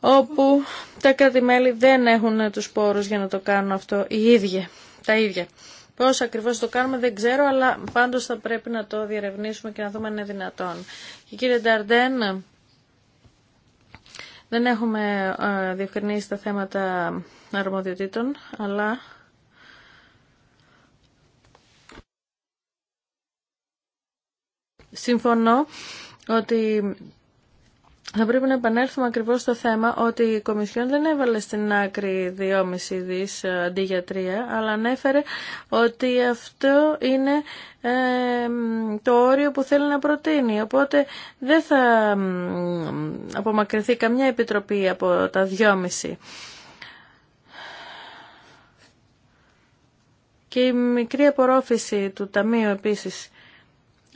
όπου τα κρατη δεν έχουν τους πόρους για να το κάνουν αυτό οι ίδιοι, τα ίδια. Πώς ακριβώς το κάνουμε δεν ξέρω, αλλά πάντως θα πρέπει να το διερευνήσουμε και να δούμε αν είναι δυνατόν. Και κύριε Νταρντέν, δεν έχουμε ε, διευκρινίσει τα θέματα αρμοδιοτήτων, αλλά συμφωνώ ότι θα πρέπει να επανέλθουμε ακριβώς στο θέμα ότι η Κομισιόν δεν έβαλε στην άκρη 2,5 δις ε, αντί για 3, αλλά ανέφερε ότι αυτό είναι το όριο που θέλει να προτείνει. Οπότε δεν θα απομακρυνθεί καμιά επιτροπή από τα 2,5. Και η μικρή απορρόφηση του Ταμείου επίσης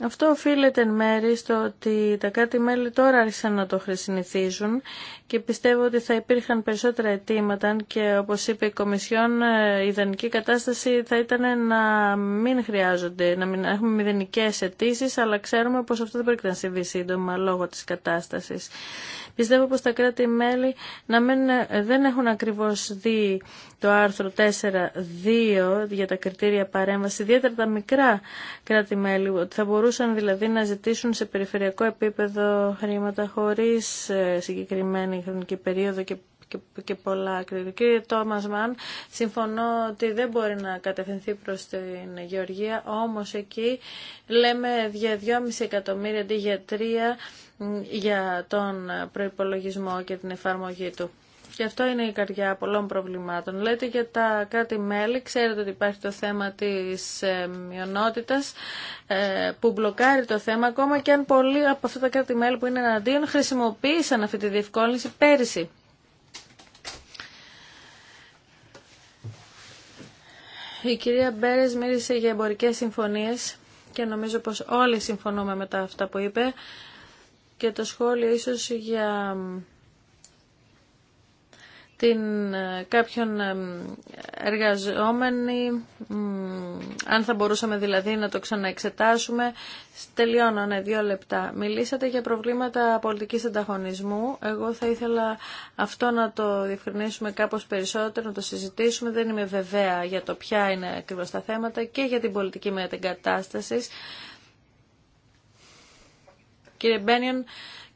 αυτό οφείλεται εν μέρη στο ότι τα κάτι μέλη τώρα άρχισαν να το χρησιμοποιήσουν και πιστεύω ότι θα υπήρχαν περισσότερα αιτήματα και όπως είπε η Κομισιόν ε, η ιδανική κατάσταση θα ήταν να μην χρειάζονται, να μην έχουμε μηδενικές αιτήσει, αλλά ξέρουμε πως αυτό δεν πρέπει να συμβεί σύντομα λόγω της κατάστασης. Πιστεύω πως τα κράτη-μέλη να ε, δεν έχουν ακριβώς δει το άρθρο 4.2 για τα κριτήρια παρέμβαση, ιδιαίτερα τα μικρά κράτη-μέλη, ότι θα μπορούσαν δηλαδή να ζητήσουν σε περιφερειακό επίπεδο χρήματα χωρίς ε, συγκεκριμένη χρονική περίοδο και και πολλά. Κύριε Τόμας Μαν, συμφωνώ ότι δεν μπορεί να κατευθυνθεί προ την Γεωργία, όμω εκεί λέμε για 2,5 εκατομμύρια αντί για 3 για τον προπολογισμό και την εφαρμογή του. Και αυτό είναι η καρδιά πολλών προβλημάτων. Λέτε για τα κράτη-μέλη, ξέρετε ότι υπάρχει το θέμα της ε, μειονότητας ε, που μπλοκάρει το θέμα, ακόμα και αν πολλοί από αυτά τα κράτη-μέλη που είναι εναντίον χρησιμοποίησαν αυτή τη διευκόλυνση πέρυσι. Η κυρία Μπέρες μίλησε για εμπορικές συμφωνίες και νομίζω πως όλοι συμφωνούμε με τα αυτά που είπε και το σχόλιο ίσως για την, ε, κάποιον ε, εργαζόμενοι, αν θα μπορούσαμε δηλαδή να το ξαναεξετάσουμε. Τελειώνω, ναι, δύο λεπτά. Μιλήσατε για προβλήματα πολιτικής ανταγωνισμού. Εγώ θα ήθελα αυτό να το διευκρινίσουμε κάπως περισσότερο, να το συζητήσουμε. Δεν είμαι βεβαία για το ποια είναι ακριβώ τα θέματα και για την πολιτική μετεγκατάσταση. Κύριε Μπένιον,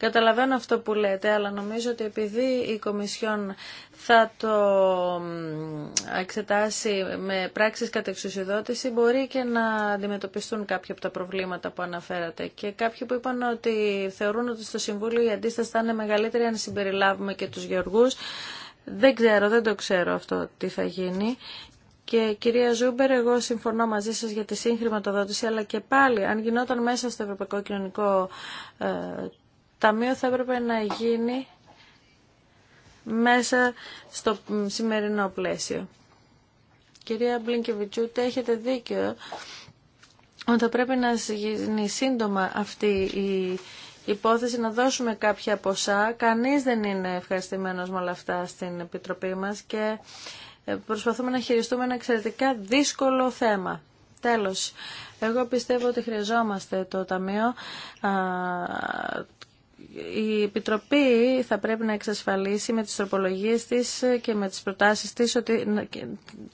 Καταλαβαίνω αυτό που λέτε, αλλά νομίζω ότι επειδή η Κομισιόν θα το εξετάσει με πράξεις εξουσιοδότηση, μπορεί και να αντιμετωπιστούν κάποια από τα προβλήματα που αναφέρατε. Και κάποιοι που είπαν ότι θεωρούν ότι στο Συμβούλιο η αντίσταση θα είναι μεγαλύτερη αν συμπεριλάβουμε και τους γεωργούς. Δεν ξέρω, δεν το ξέρω αυτό τι θα γίνει. Και κυρία Ζούμπερ, εγώ συμφωνώ μαζί σας για τη συγχρηματοδότηση, αλλά και πάλι αν γινόταν μέσα στο Ευρωπαϊκό Κοινωνικό ε, ταμείο θα έπρεπε να γίνει μέσα στο σημερινό πλαίσιο. Κυρία Μπλίνκεβιτσούτε, έχετε δίκιο ότι θα πρέπει να γίνει σύντομα αυτή η υπόθεση να δώσουμε κάποια ποσά. Κανείς δεν είναι ευχαριστημένος με όλα αυτά στην Επιτροπή μας και ε, προσπαθούμε να χειριστούμε ένα εξαιρετικά δύσκολο θέμα. Τέλος, εγώ πιστεύω ότι χρειαζόμαστε το Ταμείο η Επιτροπή θα πρέπει να εξασφαλίσει με τις τροπολογίες της και με τις προτάσεις της ότι,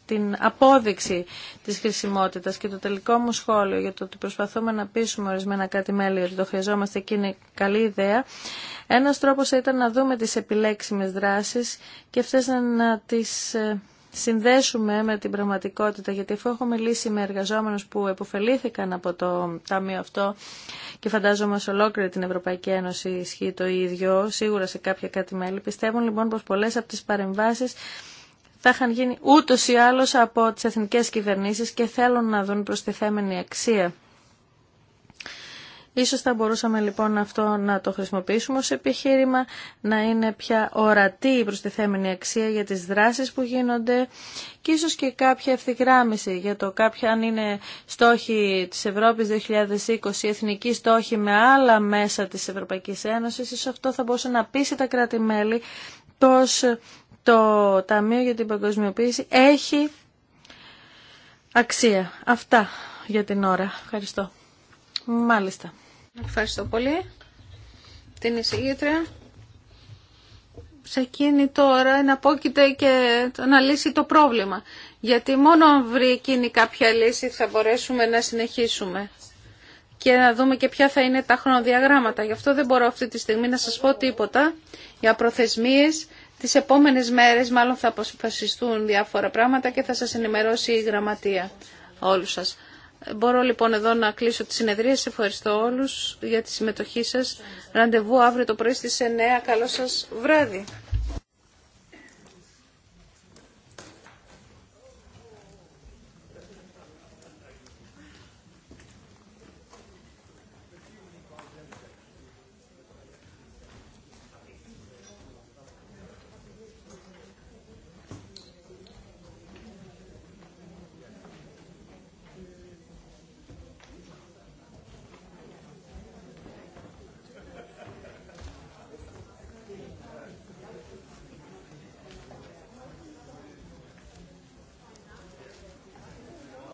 την απόδειξη της χρησιμότητας και το τελικό μου σχόλιο για το ότι προσπαθούμε να πείσουμε ορισμένα κάτι μέλη ότι το χρειαζόμαστε και είναι καλή ιδέα. Ένας τρόπος ήταν να δούμε τις επιλέξιμες δράσεις και αυτές να τις ε, συνδέσουμε με την πραγματικότητα, γιατί αφού έχω μιλήσει με εργαζόμενους που επωφελήθηκαν από το ταμείο αυτό και φαντάζομαι σε ολόκληρη την Ευρωπαϊκή Ένωση ισχύει το ίδιο, σίγουρα σε κάποια κάτι μέλη, πιστεύουν λοιπόν πως πολλές από τις παρεμβάσεις θα είχαν γίνει ούτως ή άλλως από τις εθνικές κυβερνήσεις και θέλουν να δουν προστιθέμενη αξία. Ίσως θα μπορούσαμε λοιπόν αυτό να το χρησιμοποιήσουμε ως επιχείρημα, να είναι πια ορατή η προστιθέμενη αξία για τις δράσεις που γίνονται και ίσως και κάποια ευθυγράμμιση για το κάποια αν είναι στόχοι της Ευρώπης 2020, εθνική στόχη με άλλα μέσα της Ευρωπαϊκής Ένωσης, ίσως αυτό θα μπορούσε να πείσει τα κράτη-μέλη πως το Ταμείο για την Παγκοσμιοποίηση έχει αξία. Αυτά για την ώρα. Ευχαριστώ. Μάλιστα. Ευχαριστώ πολύ. Την εισηγήτρια. Σε εκείνη τώρα να πόκειται και να λύσει το πρόβλημα. Γιατί μόνο αν βρει εκείνη κάποια λύση θα μπορέσουμε να συνεχίσουμε και να δούμε και ποια θα είναι τα χρονοδιαγράμματα. Γι' αυτό δεν μπορώ αυτή τη στιγμή να σας πω τίποτα για προθεσμίες. Τις επόμενες μέρες μάλλον θα αποφασιστούν διάφορα πράγματα και θα σας ενημερώσει η γραμματεία όλους σας. Μπορώ λοιπόν εδώ να κλείσω τη συνεδρία. Σας ευχαριστώ όλους για τη συμμετοχή σας. Ραντεβού αύριο το πρωί στις 9. Καλό σας βράδυ.